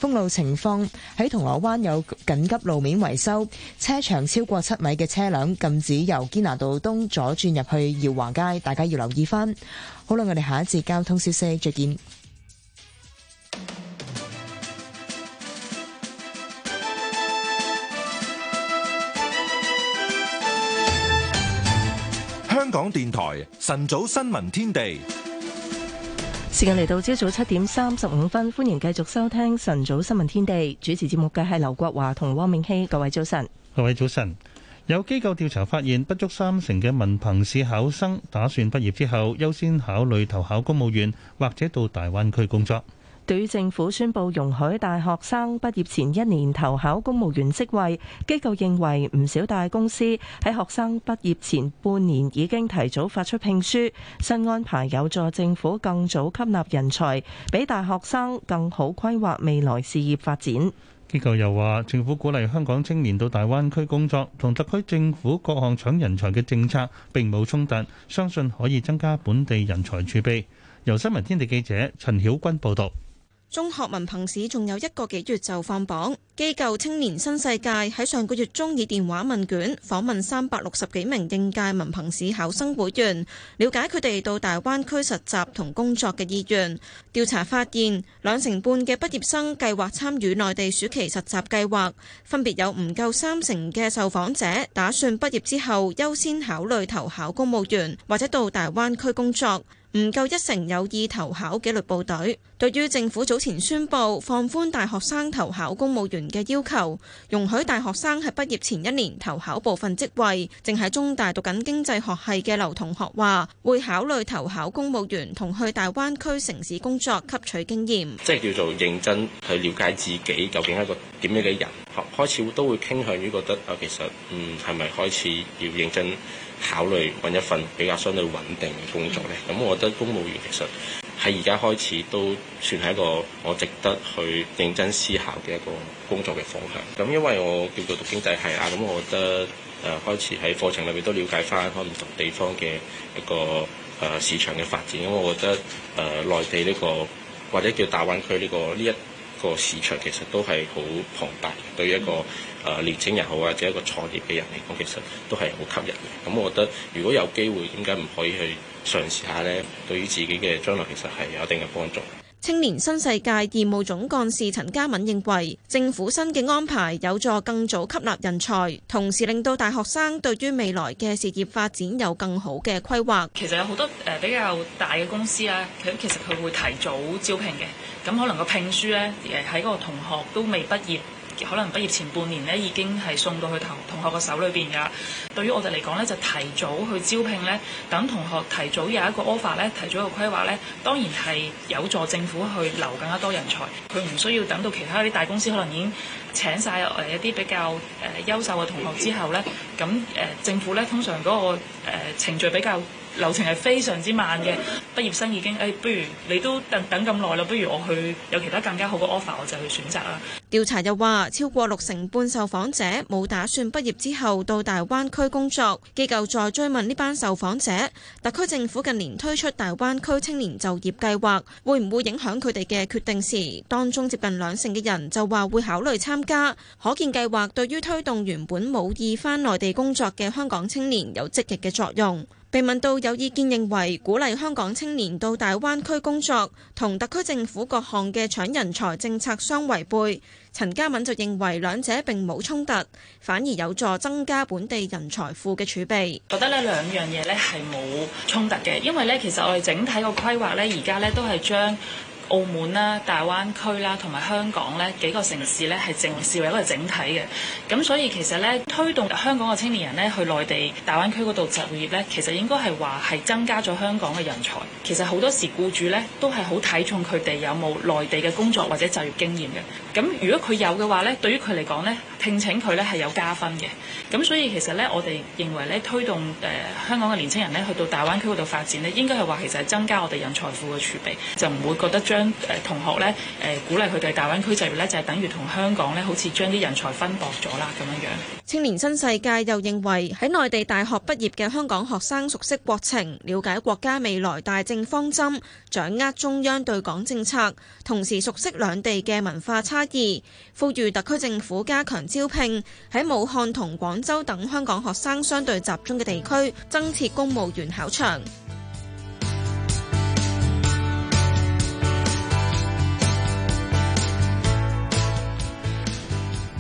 [SPEAKER 13] 封路情況，喺銅鑼灣有緊急路面維修，車長超過七米嘅車輛禁止由堅拿道東左轉入去耀華街，大家要留意返。好啦，我哋下一節交通消息，再見。
[SPEAKER 2] 香港電台晨早新聞天地。
[SPEAKER 3] 時間嚟到朝早七點三十五分，歡迎繼續收聽晨早新聞天地。主持節目嘅係劉國華同汪明希，各位早晨。各
[SPEAKER 4] 位早晨。有機構調查發現，不足三成嘅文憑試考生打算畢業之後優先考慮投考公務員或者到大灣區工作。
[SPEAKER 3] 對於政府宣布容許大學生畢業前一年投考公務員職位，機構認為唔少大公司喺學生畢業前半年已經提早發出聘書，新安排有助政府更早吸納人才，畀大學生更好規劃未來事業發展。機
[SPEAKER 4] 構又話，政府鼓勵香港青年到大灣區工作，同特區政府各項搶人才嘅政策並冇衝突，相信可以增加本地人才儲備。由新聞天地記者陳曉君報道。
[SPEAKER 1] 中
[SPEAKER 18] 學文憑試仲有一個幾月就放榜，機構青年新世界喺上個月中以電話問卷訪問三百六十幾名應屆文憑試考生會員，了解佢哋到大灣區實習同工作嘅意願。調查發現，兩成半嘅畢業生計劃參與內地暑期實習計劃，分別有唔夠三成嘅受訪者打算畢業之後優先考慮投考公務員或者到大灣區工作。唔夠一成有意投考紀律部隊，對於政府早前宣布放寬大學生投考公務員嘅要求，容許大學生喺畢業前一年投考部分職位，正喺中大讀緊經濟學系嘅劉同學話，會考慮投考公務員同去大灣區城市工作吸取經驗。
[SPEAKER 2] 即係叫做認真去了解自己究竟係一個點樣嘅人，開始都會傾向於覺得啊，其實嗯係咪開始要認真？考慮揾一份比較相對穩定嘅工作咧，咁我覺得公務員其實喺而家開始都算係一個我值得去認真思考嘅一個工作嘅方向。咁因為我叫做讀經濟系啊，咁我覺得誒開始喺課程裏邊都了解翻唔同地方嘅一個誒市場嘅發展。因咁我覺得誒內地呢個或者叫大灣區呢個呢一個市場其實都係好龐大對於一個誒、啊、年青人，好或者一個創業嘅人嚟講，其實都係好吸引嘅。咁、嗯、我覺得，如果有機會，點解唔可以去嘗試下咧？對於自己嘅將來，其實係有一定嘅幫助。
[SPEAKER 18] 青年新世界業務總幹事陳嘉敏認為，政府新嘅安排有助更早吸納人才，同時令到大學生對於未來嘅事業發展有更好嘅規劃。其實有好
[SPEAKER 20] 多誒比較大嘅公司啊，其實佢會提早招聘嘅，咁可能個聘書咧誒喺個同學都未畢業。可能畢業前半年咧，已經係送到去同同學個手裏邊㗎。對於我哋嚟講咧，就提早去招聘咧，等同學提早有一個 offer 咧，提早一個規劃咧，當然係有助政府去留更加多人才。佢唔需要等到其他啲大公司可能已經請晒誒一啲比較誒呃、優秀嘅同學之後咧，咁、呃、誒政府咧通常嗰、那個、呃、程序比較。流程係非常之慢嘅，畢業生已經誒、哎，不如你都等等咁耐啦，不如我去有其他更加好嘅 offer，我就去選擇
[SPEAKER 18] 啦。調查又話，超過六成半受訪者冇打算畢業之後到大灣區工作。機構再追問呢班受訪者，特區政府近年推出大灣區青年就業計劃，會唔會影響佢哋嘅決定時，當中接近兩成嘅人就話會考慮參加，可見計劃對於推動原本冇意返內地工作嘅香港青年有積極嘅作用。被問到有意見認為鼓勵香港青年到大灣區工作同特區政府各項嘅搶人才政策相違背，陳家敏就認為兩者並冇衝突，反而有助增加本地人才庫嘅儲備。
[SPEAKER 20] 覺得呢兩樣嘢呢係冇衝突嘅，因為呢其實我哋整體個規劃呢而家呢都係將澳門啦、啊、大灣區啦、啊，同埋香港咧幾個城市咧，係淨係視為一個整體嘅。咁所以其實咧，推動香港嘅青年人咧去內地、大灣區嗰度就業咧，其實應該係話係增加咗香港嘅人才。其實好多時僱主咧都係好睇重佢哋有冇內地嘅工作或者就業經驗嘅。咁如果佢有嘅話咧，對於佢嚟講咧，聘請佢咧係有加分嘅。咁所以其實咧，我哋認為咧，推動誒、呃、香港嘅年青人咧，去到大灣區嗰度發展咧，應該係話其實係增加我哋人才庫嘅儲備，就唔會覺得將誒、呃、同學咧誒、呃、鼓勵佢哋大灣區就業咧，就係、是、等於同香港咧，好似將啲人才分薄咗啦咁樣樣。
[SPEAKER 18] 青年新世界又認為喺內地大學畢業嘅香港學生熟悉國情，了解國家未來大政方針，掌握中央對港政策，同時熟悉兩地嘅文化差異，呼籲特區政府加強招聘喺武漢同廣。州等香港學生相對集中嘅地區，增設公務員考場。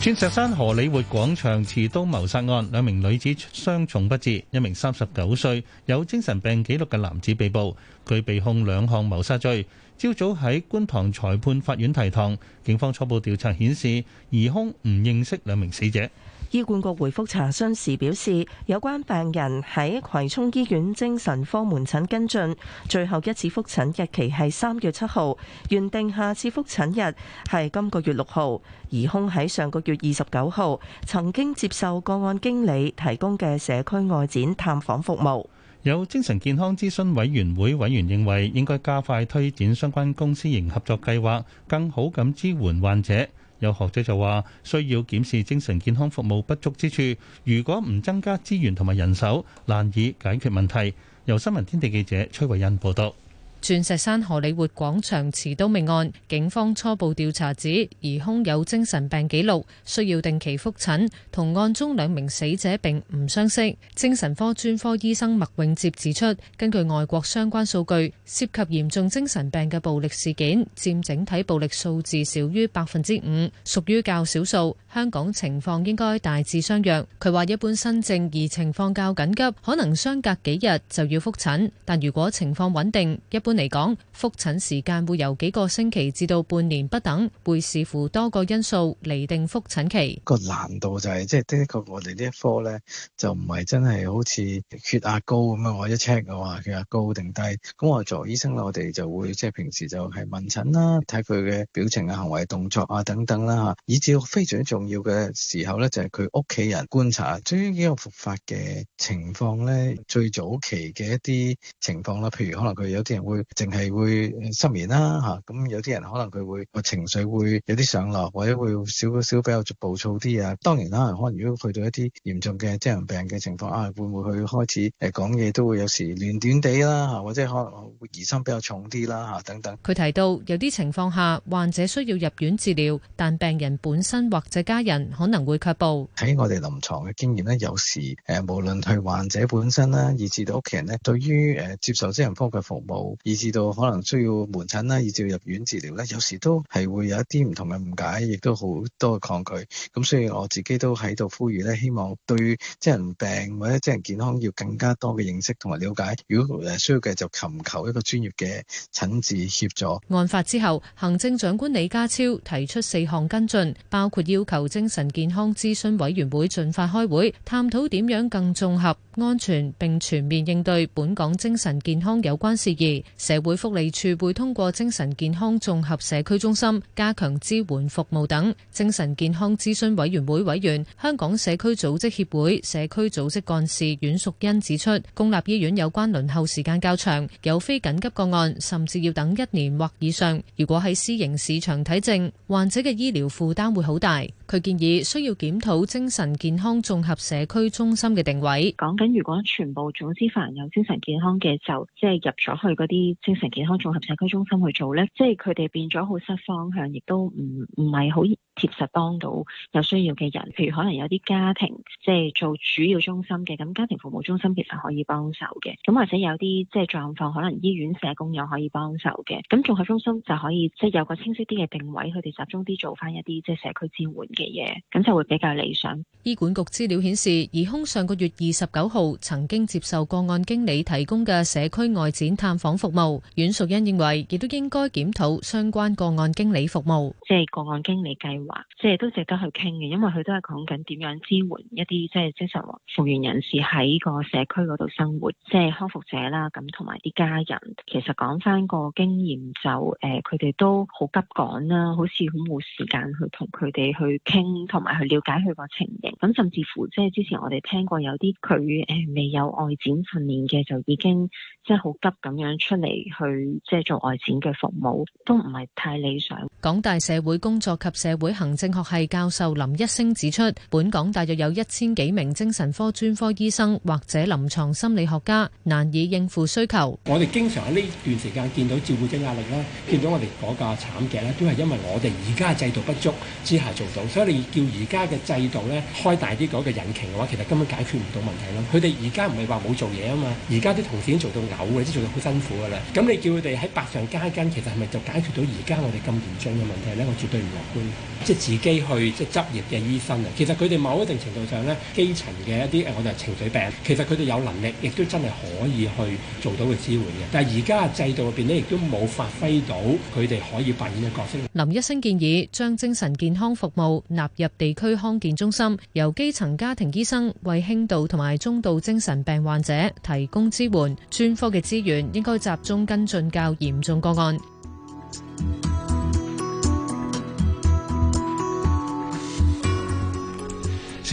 [SPEAKER 4] 鑽石山荷里活廣場持刀謀殺案，兩名女子傷重不治，一名三十九歲有精神病記錄嘅男子被捕，佢被控兩項謀殺罪。朝早喺觀塘裁判法院提堂，警方初步調查顯示，疑兇唔認識兩名死者。
[SPEAKER 3] 醫管局回覆查詢時表示，有關病人喺葵涌醫院精神科門診跟進，最後一次覆診日期係三月七號，原定下次覆診日係今個月六號。疑兇喺上個月二十九號曾經接受個案經理提供嘅社區外展探訪服務。有精神健康諮詢
[SPEAKER 4] 委員會委員認為，應該加快推展相關公私營合作計劃，更好咁支援患者。有學者就話，需要檢視精神健康服務不足之處，如果唔增加資源同埋人手，難以解決問題。由新聞天地記者崔慧欣報道。
[SPEAKER 12] 鑽石山荷里活廣場持刀命案，警方初步調查指疑凶有精神病記錄，需要定期複診。同案中兩名死者並唔相識。精神科專科醫生麥永接指出，根據外國相關數據，涉及嚴重精神病嘅暴力事件占整體暴力數字少於百分之五，屬於較少數。香港情況應該大致相若。佢話一般新症而情況較緊急，可能相隔幾日就要覆診，但如果情況穩定，一般。嚟講，復診時間會由幾個星期至到半年不等，會視乎多個因素嚟定復診期。
[SPEAKER 10] 個難度就係即係的確，我哋呢一科咧就唔係真係好似血壓高咁樣，我一 check 嘅話血壓高定低。咁我作為醫生啦，我哋就會即係、就是、平時就係問診啦，睇佢嘅表情啊、行為動作啊等等啦。哈，以至非常重要嘅時候咧，就係佢屋企人觀察。對於呢個復發嘅情況咧，最早期嘅一啲情況啦，譬如可能佢有啲人會。淨係會失眠啦吓，咁、啊嗯、有啲人可能佢會個情緒會有啲上落，或者會少少比較暴躁啲啊。當然啦，可能如果去到一啲嚴重嘅精神病嘅情況啊，會唔會去開始誒講嘢都會有時亂亂地啦吓，或者可能會疑心比較重啲啦吓等等。
[SPEAKER 12] 佢提到有啲情況下，患者需要入院治療，但病人本身或者家人可能會卻步。
[SPEAKER 10] 喺我哋臨牀嘅經驗呢，有時誒、啊，無論係患者本身啦，以至到屋企人呢，對於誒接受精神科嘅服務。以至到可能需要門診啦，以至入院治療咧，有時都係會有一啲唔同嘅誤解，亦都好多嘅抗拒。咁所以我自己都喺度呼籲咧，希望對精神病或者精神健康要更加多嘅認識同埋了解。如果誒需要繼續尋求一個專業嘅診治協助，
[SPEAKER 12] 案發之後行政長官李家超提出四項跟進，包括要求精神健康諮詢委員會盡快開會，探討點樣更綜合、安全並全面應對本港精神健康有關事宜。社會福利署會通過精神健康綜合社區中心加強支援服務等。精神健康諮詢委員會委員、香港社區組織協會社區組織幹事阮淑欣指出，公立醫院有關輪候時間較長，有非緊急個案甚至要等一年或以上。如果喺私營市場睇症，患者嘅醫療負擔會好大。佢建議需要檢討精神健康綜合社區中心嘅定位。講緊如果全部總之凡有精神健康嘅就即係
[SPEAKER 11] 入咗去嗰啲精神健康綜合社區中心去做咧，即係佢哋變咗好失方向，亦都唔唔係好。其實幫到有需要嘅人，譬如可能有啲家庭即係、就是、做主要中心嘅，咁家庭服務中心其實可以幫手嘅。咁或者有啲即係狀況，可能醫院社工又可以幫手嘅。咁綜合中心就可以即係、就是、有個清晰啲嘅定位，佢
[SPEAKER 12] 哋集中啲做翻一啲即係社區支援嘅嘢，咁就會比較理想。醫管局資料顯示，疑兇上個月二十九號曾經接受個案經理提供嘅社區外展探訪服務。阮淑欣認為，亦都應該檢討相關個案經理服務，即係個案經理計劃。即係都值得去傾嘅，因為佢都係講緊點樣支援一啲即
[SPEAKER 11] 係精神復原人士喺個社區嗰度生活，即係康復者啦，咁同埋啲家人。其實講翻個經驗就誒，佢哋都好急趕啦，好似好冇時間去同佢哋去傾同埋去了解佢個情形。咁甚至乎即係之前我哋聽過有啲佢，誒，未有外展訓練嘅，就已經即係好急
[SPEAKER 12] 咁樣出嚟去即係做外展嘅服務都唔係太理想。港大社會工作及社會。行政學系教授林一星指出，本港大約有一千幾名精神科專科醫生或者臨床心理學家，難以應付需求。 我
[SPEAKER 2] 哋經常喺呢段時間見到照顧嘅壓力啦，見到我哋嗰個慘劇咧，都係因為我哋而家制度不足之下做到。所以你叫而家嘅制度咧開大啲嗰個引擎嘅話，其實根本解決唔到問題咯。佢哋而家唔係話冇做嘢啊嘛，而家啲同事已經做到嘔嘅，即、係、做到好辛苦噶啦。咁你叫佢哋喺百上加斤，其實係咪就解決到而家我哋咁嚴峻嘅問題咧？我絕對唔樂觀。即係自己去即執業嘅醫生啊，其實佢哋某一定程度上咧，基層嘅一啲誒，我哋係情緒病，其實佢哋有能力，亦都真係可以去做到嘅支援嘅。但係而家嘅制度入邊咧，亦都冇發揮到佢哋可以扮演嘅角色。
[SPEAKER 12] 林醫生建議將精神健康服務納入地區康健中心，由基層家庭醫生為輕度同埋中度精神病患者提供支援，專科嘅資源應該集中跟進較嚴重個案。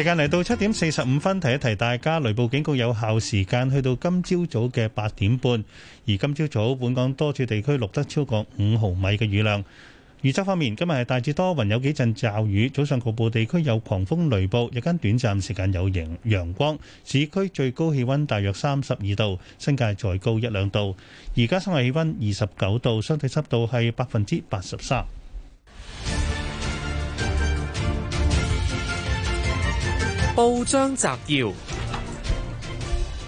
[SPEAKER 4] 時間嚟到七點四十五分，提一提大家雷暴警告有效時間去到今朝早嘅八點半。而今朝早本港多處地區錄得超過五毫米嘅雨量。預測方面，今日係大致多雲，有幾陣驟雨。早上局部地區有狂風雷暴，日間短暫時間有陽光。市區最高氣温大約三十二度，新界再高一兩度。而家室外氣温二十九度，相對濕度係百分之八十三。
[SPEAKER 3] 報章摘要：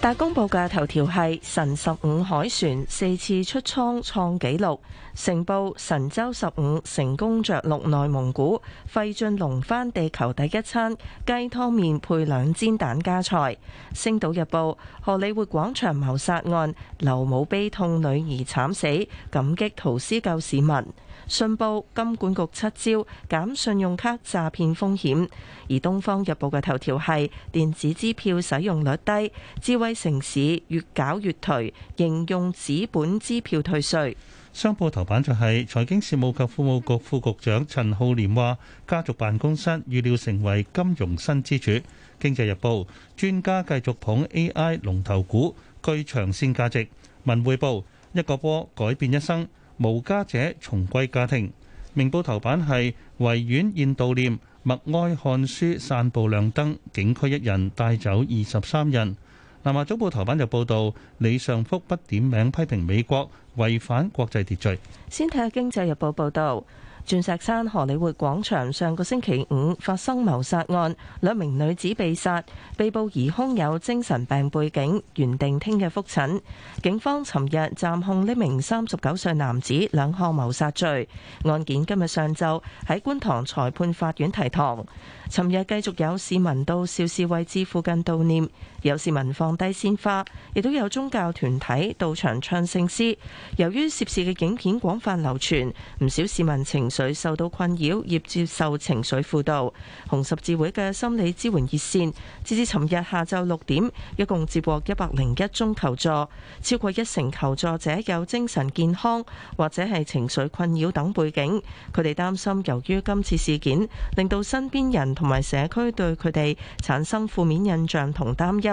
[SPEAKER 3] 大公報嘅頭條係神十五海船四次出艙創紀錄。成報神舟十五成功着陸內蒙古，費俊龍返地球第一餐雞湯麵配兩煎蛋加菜。星島日報：荷里活廣場謀殺案，劉母悲痛女兒慘死，感激屠師救市民。信報，金管局七招減信用卡詐騙風險，而《東方日報》嘅頭條係電子支票使用率低，智慧城市越搞越頹，仍用紙本支票退稅。
[SPEAKER 4] 商報頭版就係財經事務及庫務局副局長陳浩濂話：家族辦公室預料成為金融新支柱。經濟日報，專家繼續捧 AI 龍頭股，具長線價值。文匯報，一個波改變一生。無家者重歸家庭。明報頭版係維園現悼念，默哀看書散步亮燈，警區一人帶走二十三人。南華早報頭版就報導李尚福不點名批評美國違反國際秩序。
[SPEAKER 3] 先睇下經濟日報報導。鑽石山荷里活廣場上個星期五發生謀殺案，兩名女子被殺，被捕疑凶有精神病背景，原定聽日覆診。警方尋日暫控呢名三十九歲男子兩項謀殺罪。案件今日上晝喺觀塘裁判法院提堂。尋日繼續有市民到肇事位置附近悼念。有市民放低鮮花，亦都有宗教團體到場唱聖詩。由於涉事嘅影片廣泛流傳，唔少市民情緒受到困擾，亦接受情緒輔導，紅十字會嘅心理支援熱線，截至尋日下晝六點一共接獲一百零一宗求助，超過一成求助者有精神健康或者係情緒困擾等背景。佢哋擔心，由於今次事件，令到身邊人同埋社區對佢哋產生負面印象同擔憂，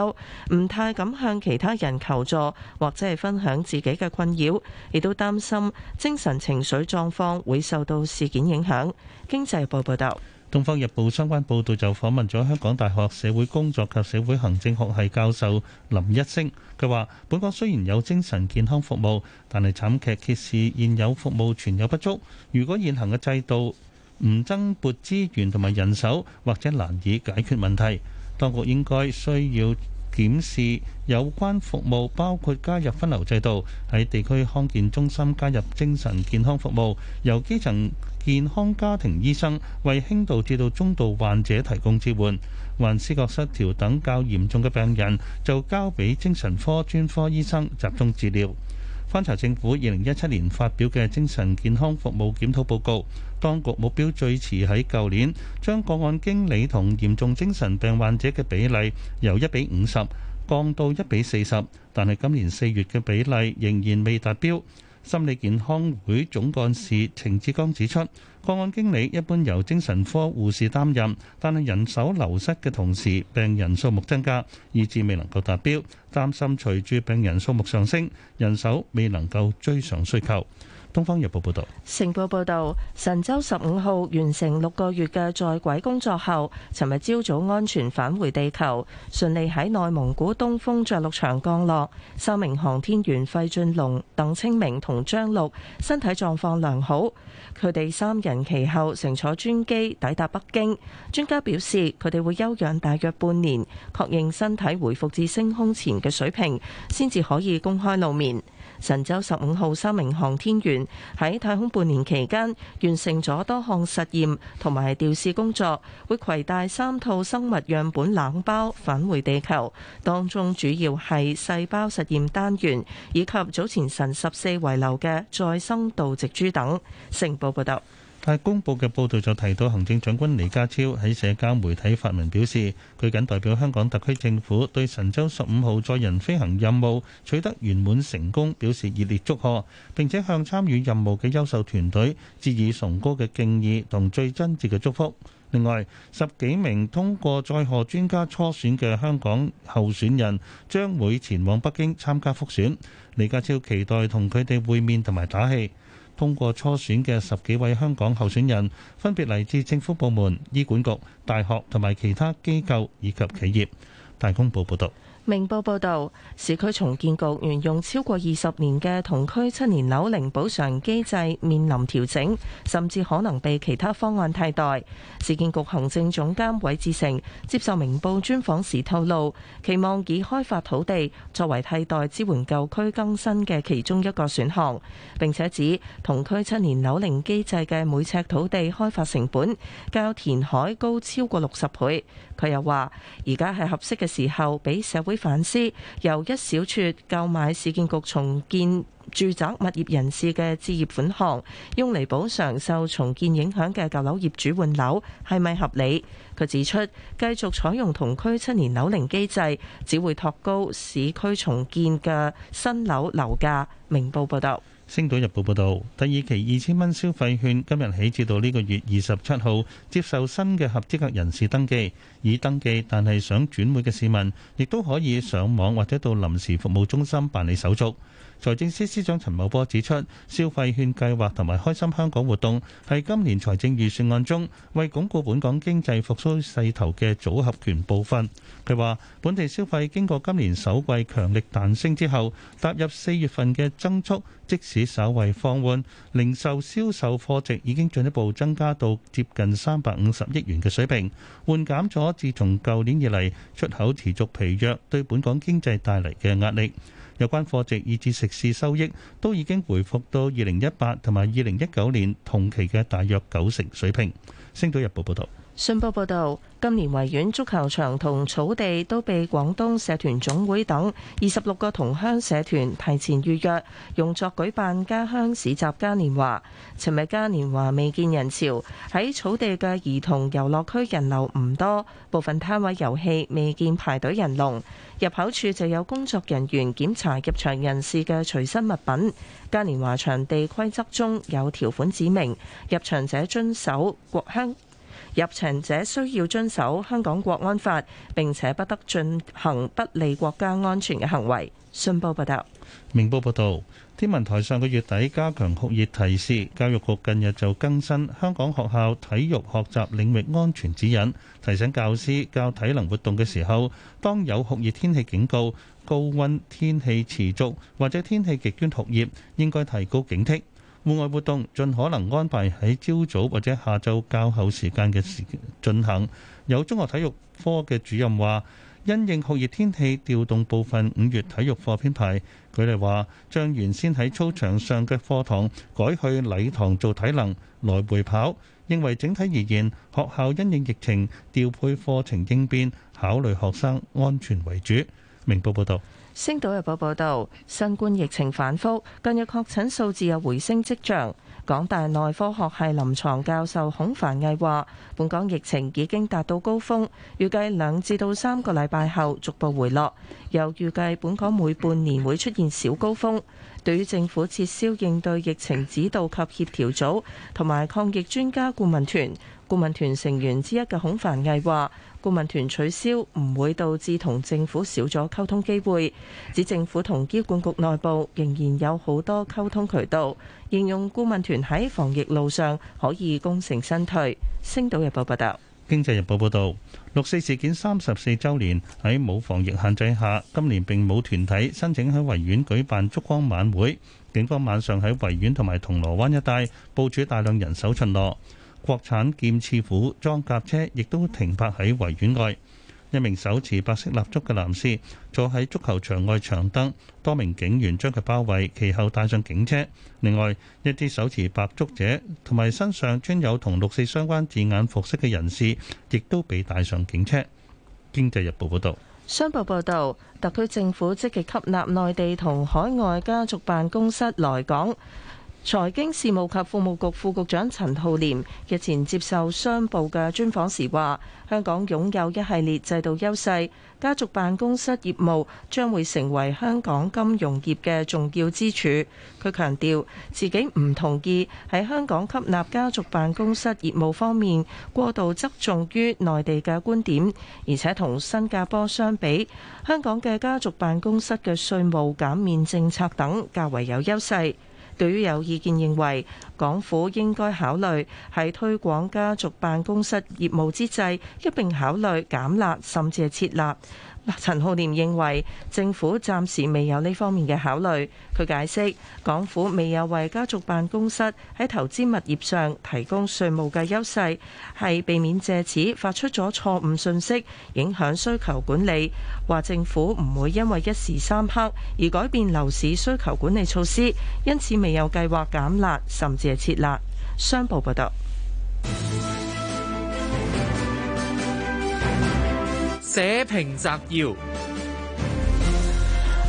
[SPEAKER 3] 唔太敢向其他人求助，或者係分享自己嘅困擾，亦都擔心精神情緒狀況會受到事件影響。經濟日報報道，《東方
[SPEAKER 4] 日報》相關報道就訪問咗香港大學社會工作及社會行政學系教授林一星，佢話：本港雖然有精神健康服務，但係慘劇揭示現有服務存有不足。如果現行嘅制度唔增撥資源同埋人手，或者難以解決問題。當局應該需要檢視有關服務，包括加入分流制度，喺地區康健中心加入精神健康服務，由基層健康家庭醫生為輕度至到中度患者提供支援，患思覺失調等較嚴重嘅病人就交俾精神科專科醫生集中治療。翻查政府二零一七年發表嘅精神健康服務檢討報告，當局目標最遲喺舊年將個案經理同嚴重精神病患者嘅比例由一比五十降到一比四十，但係今年四月嘅比例仍然未達標。心理健康會總幹事程志剛指出，個案經理一般由精神科護士擔任，但係人手流失嘅同時，病人數目增加，以致未能夠達標，擔心隨住病人數目上升，人手未能夠追上需求。東方日報報道，
[SPEAKER 3] 成報報道，神舟十五號完成六個月嘅在軌工作後，尋日朝早安全返回地球，順利喺內蒙古東風着陸場降落。三名航天員費俊龍、鄧清明同張陸身體狀況良好。佢哋三人其後乘坐專機抵達北京。專家表示，佢哋會休養大約半年，確認身體回復至升空前嘅水平，先至可以公開露面。神舟十五號三名航天員喺太空半年期間，完成咗多項實驗同埋調試工作，會攜帶三套生物樣本冷包返回地球，當中主要係細胞實驗單元以及早前神十四遺留嘅再生稻植株等。成報報道。但係公佈嘅報
[SPEAKER 4] 道就提到，行政長官李家超喺社交媒體發文表示，佢謹代表香港特區政府對神舟十五號載人飛行任務取得圓滿成功表示熱烈祝賀，並且向參與任務嘅優秀團隊致以崇高嘅敬意同最真摯嘅祝福。另外，十幾名通過載荷專家初選嘅香港候選人將會前往北京參加複選，李家超期待同佢哋會面同埋打氣。通過初選嘅十幾位香港候選人，分別嚟自政府部門、醫管局、大學同埋其他機構以及企業。大公報報導。
[SPEAKER 3] 明報報導，市區重建局沿用超過二十年嘅同區七年樓齡補償機制，面臨調整，甚至可能被其他方案替代。市建局行政總監韋志成接受明報專訪時透露，期望以開發土地作為替代支援舊區更新嘅其中一個選項。並且指同區七年樓齡機制嘅每尺土地開發成本，較填海高超過六十倍。佢又話：而家係合適嘅時候，俾社會反思，由一小撮購買市建局重建住宅物業人士嘅置業款項，用嚟補償受重建影響嘅舊樓業主換樓，係咪合理？佢指出，繼續採用同區七年樓齡機制，只會托高市區重建嘅新樓樓價。明報報道。
[SPEAKER 4] 星島日報報道，第二期二千蚊消費券今日起至到呢個月二十七號，接受新嘅合資格人士登記，已登記但係想轉會嘅市民，亦都可以上網或者到臨時服務中心辦理手續。財政司司長陳茂波指出，消費券計劃同埋開心香港活動係今年財政預算案中，為鞏固本港經濟復甦勢頭嘅組合拳部分。佢話：本地消費經過今年首季強力彈升之後，踏入四月份嘅增速即使稍為放緩，零售銷售貨值已經進一步增加到接近三百五十億元嘅水平，緩減咗自從舊年以嚟出口持續疲弱對本港經濟帶嚟嘅壓力。有關貨值以至食肆收益都已經回復到二零一八同埋二零一九年同期嘅大約九成水平。星島日報報導。
[SPEAKER 3] 信報報導，今年維園足球場同草地都被廣東社團總會等二十六個同鄉社團提前預約，用作舉辦家鄉市集嘉年華。尋日嘉年華未見人潮，喺草地嘅兒童遊樂區人流唔多，部分攤位遊戲未見排隊人龍。入口處就有工作人員檢查入場人士嘅隨身物品。嘉年華場地規則中有條款指明，入場者遵守國鄉。入場者需要遵守香港國安法，並且不得進行不利國家安全嘅行為。信報報道，
[SPEAKER 4] 明報報道，天文台上個月底加強酷熱提示，教育局近日就更新香港學校體育學習領域安全指引，提醒教師教體能活動嘅時候，當有酷熱天氣警告、高溫天氣持續或者天氣極端酷熱，應該提高警惕。戶外活動盡可能安排喺朝早或者下晝較後時間嘅時進行。有中學體育科嘅主任話，因應酷熱天氣，調動部分五月體育課編排。佢哋話，將原先喺操場上嘅課堂改去禮堂做體能來回跑。認為整體而言，學校因應疫情調配課程應變，考慮學生安全為主。明報報道。
[SPEAKER 3] 星島日報報導，新冠疫情反覆，近日確診數字有回升跡象。港大內科學系臨床教授孔凡毅話：本港疫情已經達到高峰，預計兩至到三個禮拜後逐步回落。又預計本港每半年會出現小高峰。對於政府撤銷應對疫情指導及協調組同埋抗疫專家顧問團，顧問團成員之一嘅孔凡毅話。顧問團取消唔會導致同政府少咗溝通機會，指政府同監管局內部仍然有好多溝通渠道，形容顧問團喺防疫路上可以功成身退。《星島日報》報道，《
[SPEAKER 4] 經濟日報》報道，六四事件三十四週年喺冇防疫限制下，今年並冇團體申請喺維園舉辦燭光晚會，警方晚上喺維園同埋銅鑼灣一帶部署大量人手巡邏。國產劍齒虎裝甲車亦都停泊喺維園外，一名手持白色蠟燭嘅男士坐喺足球場外長凳，多名警員將佢包圍，其後帶上警車。另外，一啲手持白燭者同埋身上穿有同六四相關字眼服飾嘅人士，亦都被帶上警車。經濟日報報導，
[SPEAKER 3] 商報報導，特區政府積極吸納內地同海外家族辦公室來港。財經事務及庫務局副局長陳浩濂日前接受商報嘅專訪時話，香港擁有一系列制度優勢，家族辦公室業務將會成為香港金融業嘅重要支柱。佢強調自己唔同意喺香港吸納家族辦公室業務方面過度側重於內地嘅觀點，而且同新加坡相比，香港嘅家族辦公室嘅稅務減免政策等較為有優勢。對於有意見認為，港府應該考慮喺推廣家族辦公室業務之際，一並考慮減辣甚至係撤辣。陳陳浩濂認為政府暫時未有呢方面嘅考慮。佢解釋，港府未有為家族辦公室喺投資物業上提供稅務嘅優勢，係避免借此發出咗錯誤信息，影響需求管理。話政府唔會因為一時三刻而改變樓市需求管理措施，因此未有計劃減辣，甚至係撤辣。商報報道。社評摘要：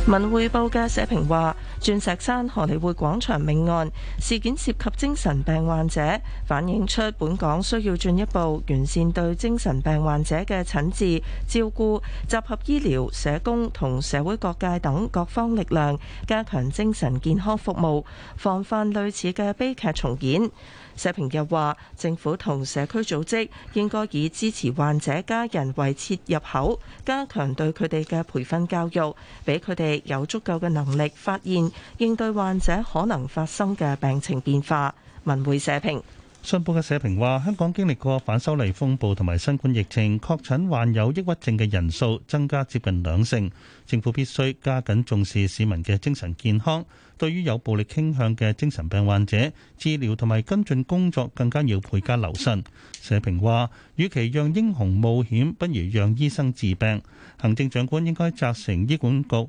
[SPEAKER 3] 文匯報嘅社評話，鑽石山荷里活廣場命案事件涉及精神病患者，反映出本港需要進一步完善對精神病患者嘅診治、照顧，集合醫療、社工同社會各界等各方力量，加強精神健康服務，防範類似嘅悲劇重演。社評又話，政府同社區組織應該以支持患者家人為切入口，加強對佢哋嘅培訓教育，俾佢哋有足夠嘅能力發現應對患者可能發生嘅病情變化。文匯社評。信報嘅社評話，香港
[SPEAKER 4] 經歷過反修例風暴同埋新冠疫情，確診患有抑鬱症嘅人數增加接近兩成，政府必須加緊重視市民嘅精神健康。對於有暴力傾向嘅精神病患者，治療同埋跟進工作更加要倍加留神。社評話：與其讓英雄冒險，不如讓醫生治病。行政長官應該責成醫管局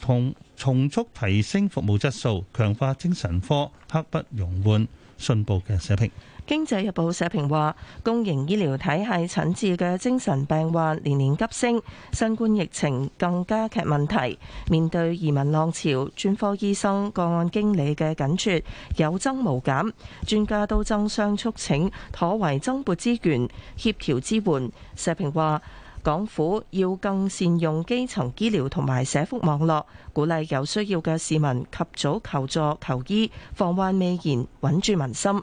[SPEAKER 4] 同重速提升服務質素，強化精神科，刻不容緩。信報嘅社評。
[SPEAKER 3] 經濟日報社評話，公營醫療體系診治嘅精神病患年年急升，新冠疫情更加劇問題。面對移民浪潮，專科醫生個案經理嘅緊缺有增無減，專家都爭相促請，妥為增撥資源協調支援。社評話，港府要更善用基層醫療同埋社福網絡，鼓勵有需要嘅市民及早求助求醫，防患未然，穩住民心。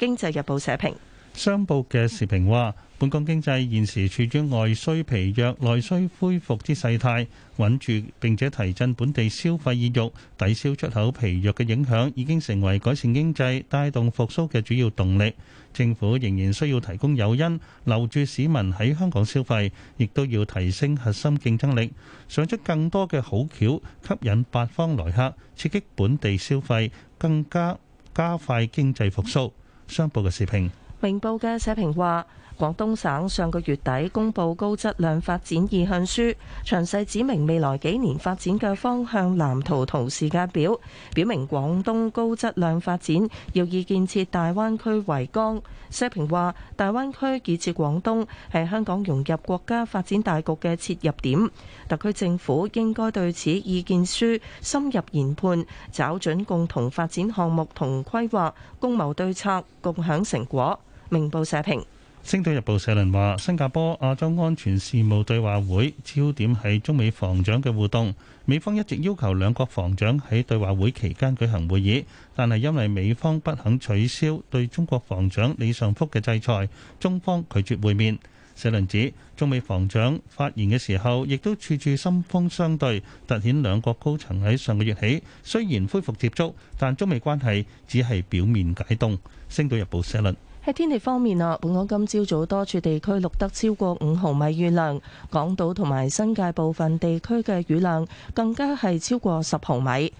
[SPEAKER 3] 《經濟日報》社評。
[SPEAKER 4] 商報嘅時評話：本港經濟現時處於外需疲弱、內需恢復之勢態，穩住並且提振本地消費意欲，抵消出口疲弱嘅影響，已經成為改善經濟、帶動復甦嘅主要動力。政府仍然需要提供誘因，留住市民喺香港消費，亦都要提升核心競爭力，想出更多嘅好橋，吸引八方來客，刺激本地消費，更加加快經濟復甦。商報嘅社評，
[SPEAKER 3] 明報嘅社評話。廣東省上個月底公布高質量發展意向書，詳細指明未來幾年發展嘅方向藍圖同時間表，表明廣東高質量發展要以建設大灣區為綱。社評話，大灣區建設廣東係香港融入國家發展大局嘅切入點，特區政府應該對此意見書深入研判，找準共同發展項目同規劃，共謀對策，共享成果。明報社評。
[SPEAKER 4] 星島日報社論話：新加坡亞洲安全事務對話會焦點係中美防長嘅互動。美方一直要求兩國防長喺對話會期間舉行會議，但係因為美方不肯取消對中國防長李尚福嘅制裁，中方拒絕會面。社論指，中美防長發言嘅時候，亦都處處針鋒相對，突顯兩國高層喺上個月起雖然恢復接觸，但中美關係只係表面解凍。星島日報社論。
[SPEAKER 3] 喺天氣方面啊，本港今朝早多處地區錄得超過五毫米雨量，港島同埋新界部分地區嘅雨量更加係超過十毫米。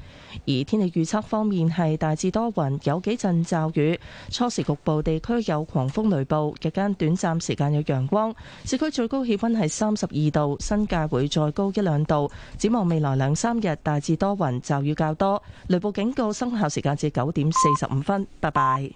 [SPEAKER 3] 而天氣預測方面係大致多雲，有幾陣驟雨，初時局部地區有狂風雷暴，日間短暫時間有陽光。市區最高氣溫係三十二度，新界會再高一兩度。展望未來兩三日大致多雲，驟雨較多，雷暴警告生效時間至九點四十五分。拜拜。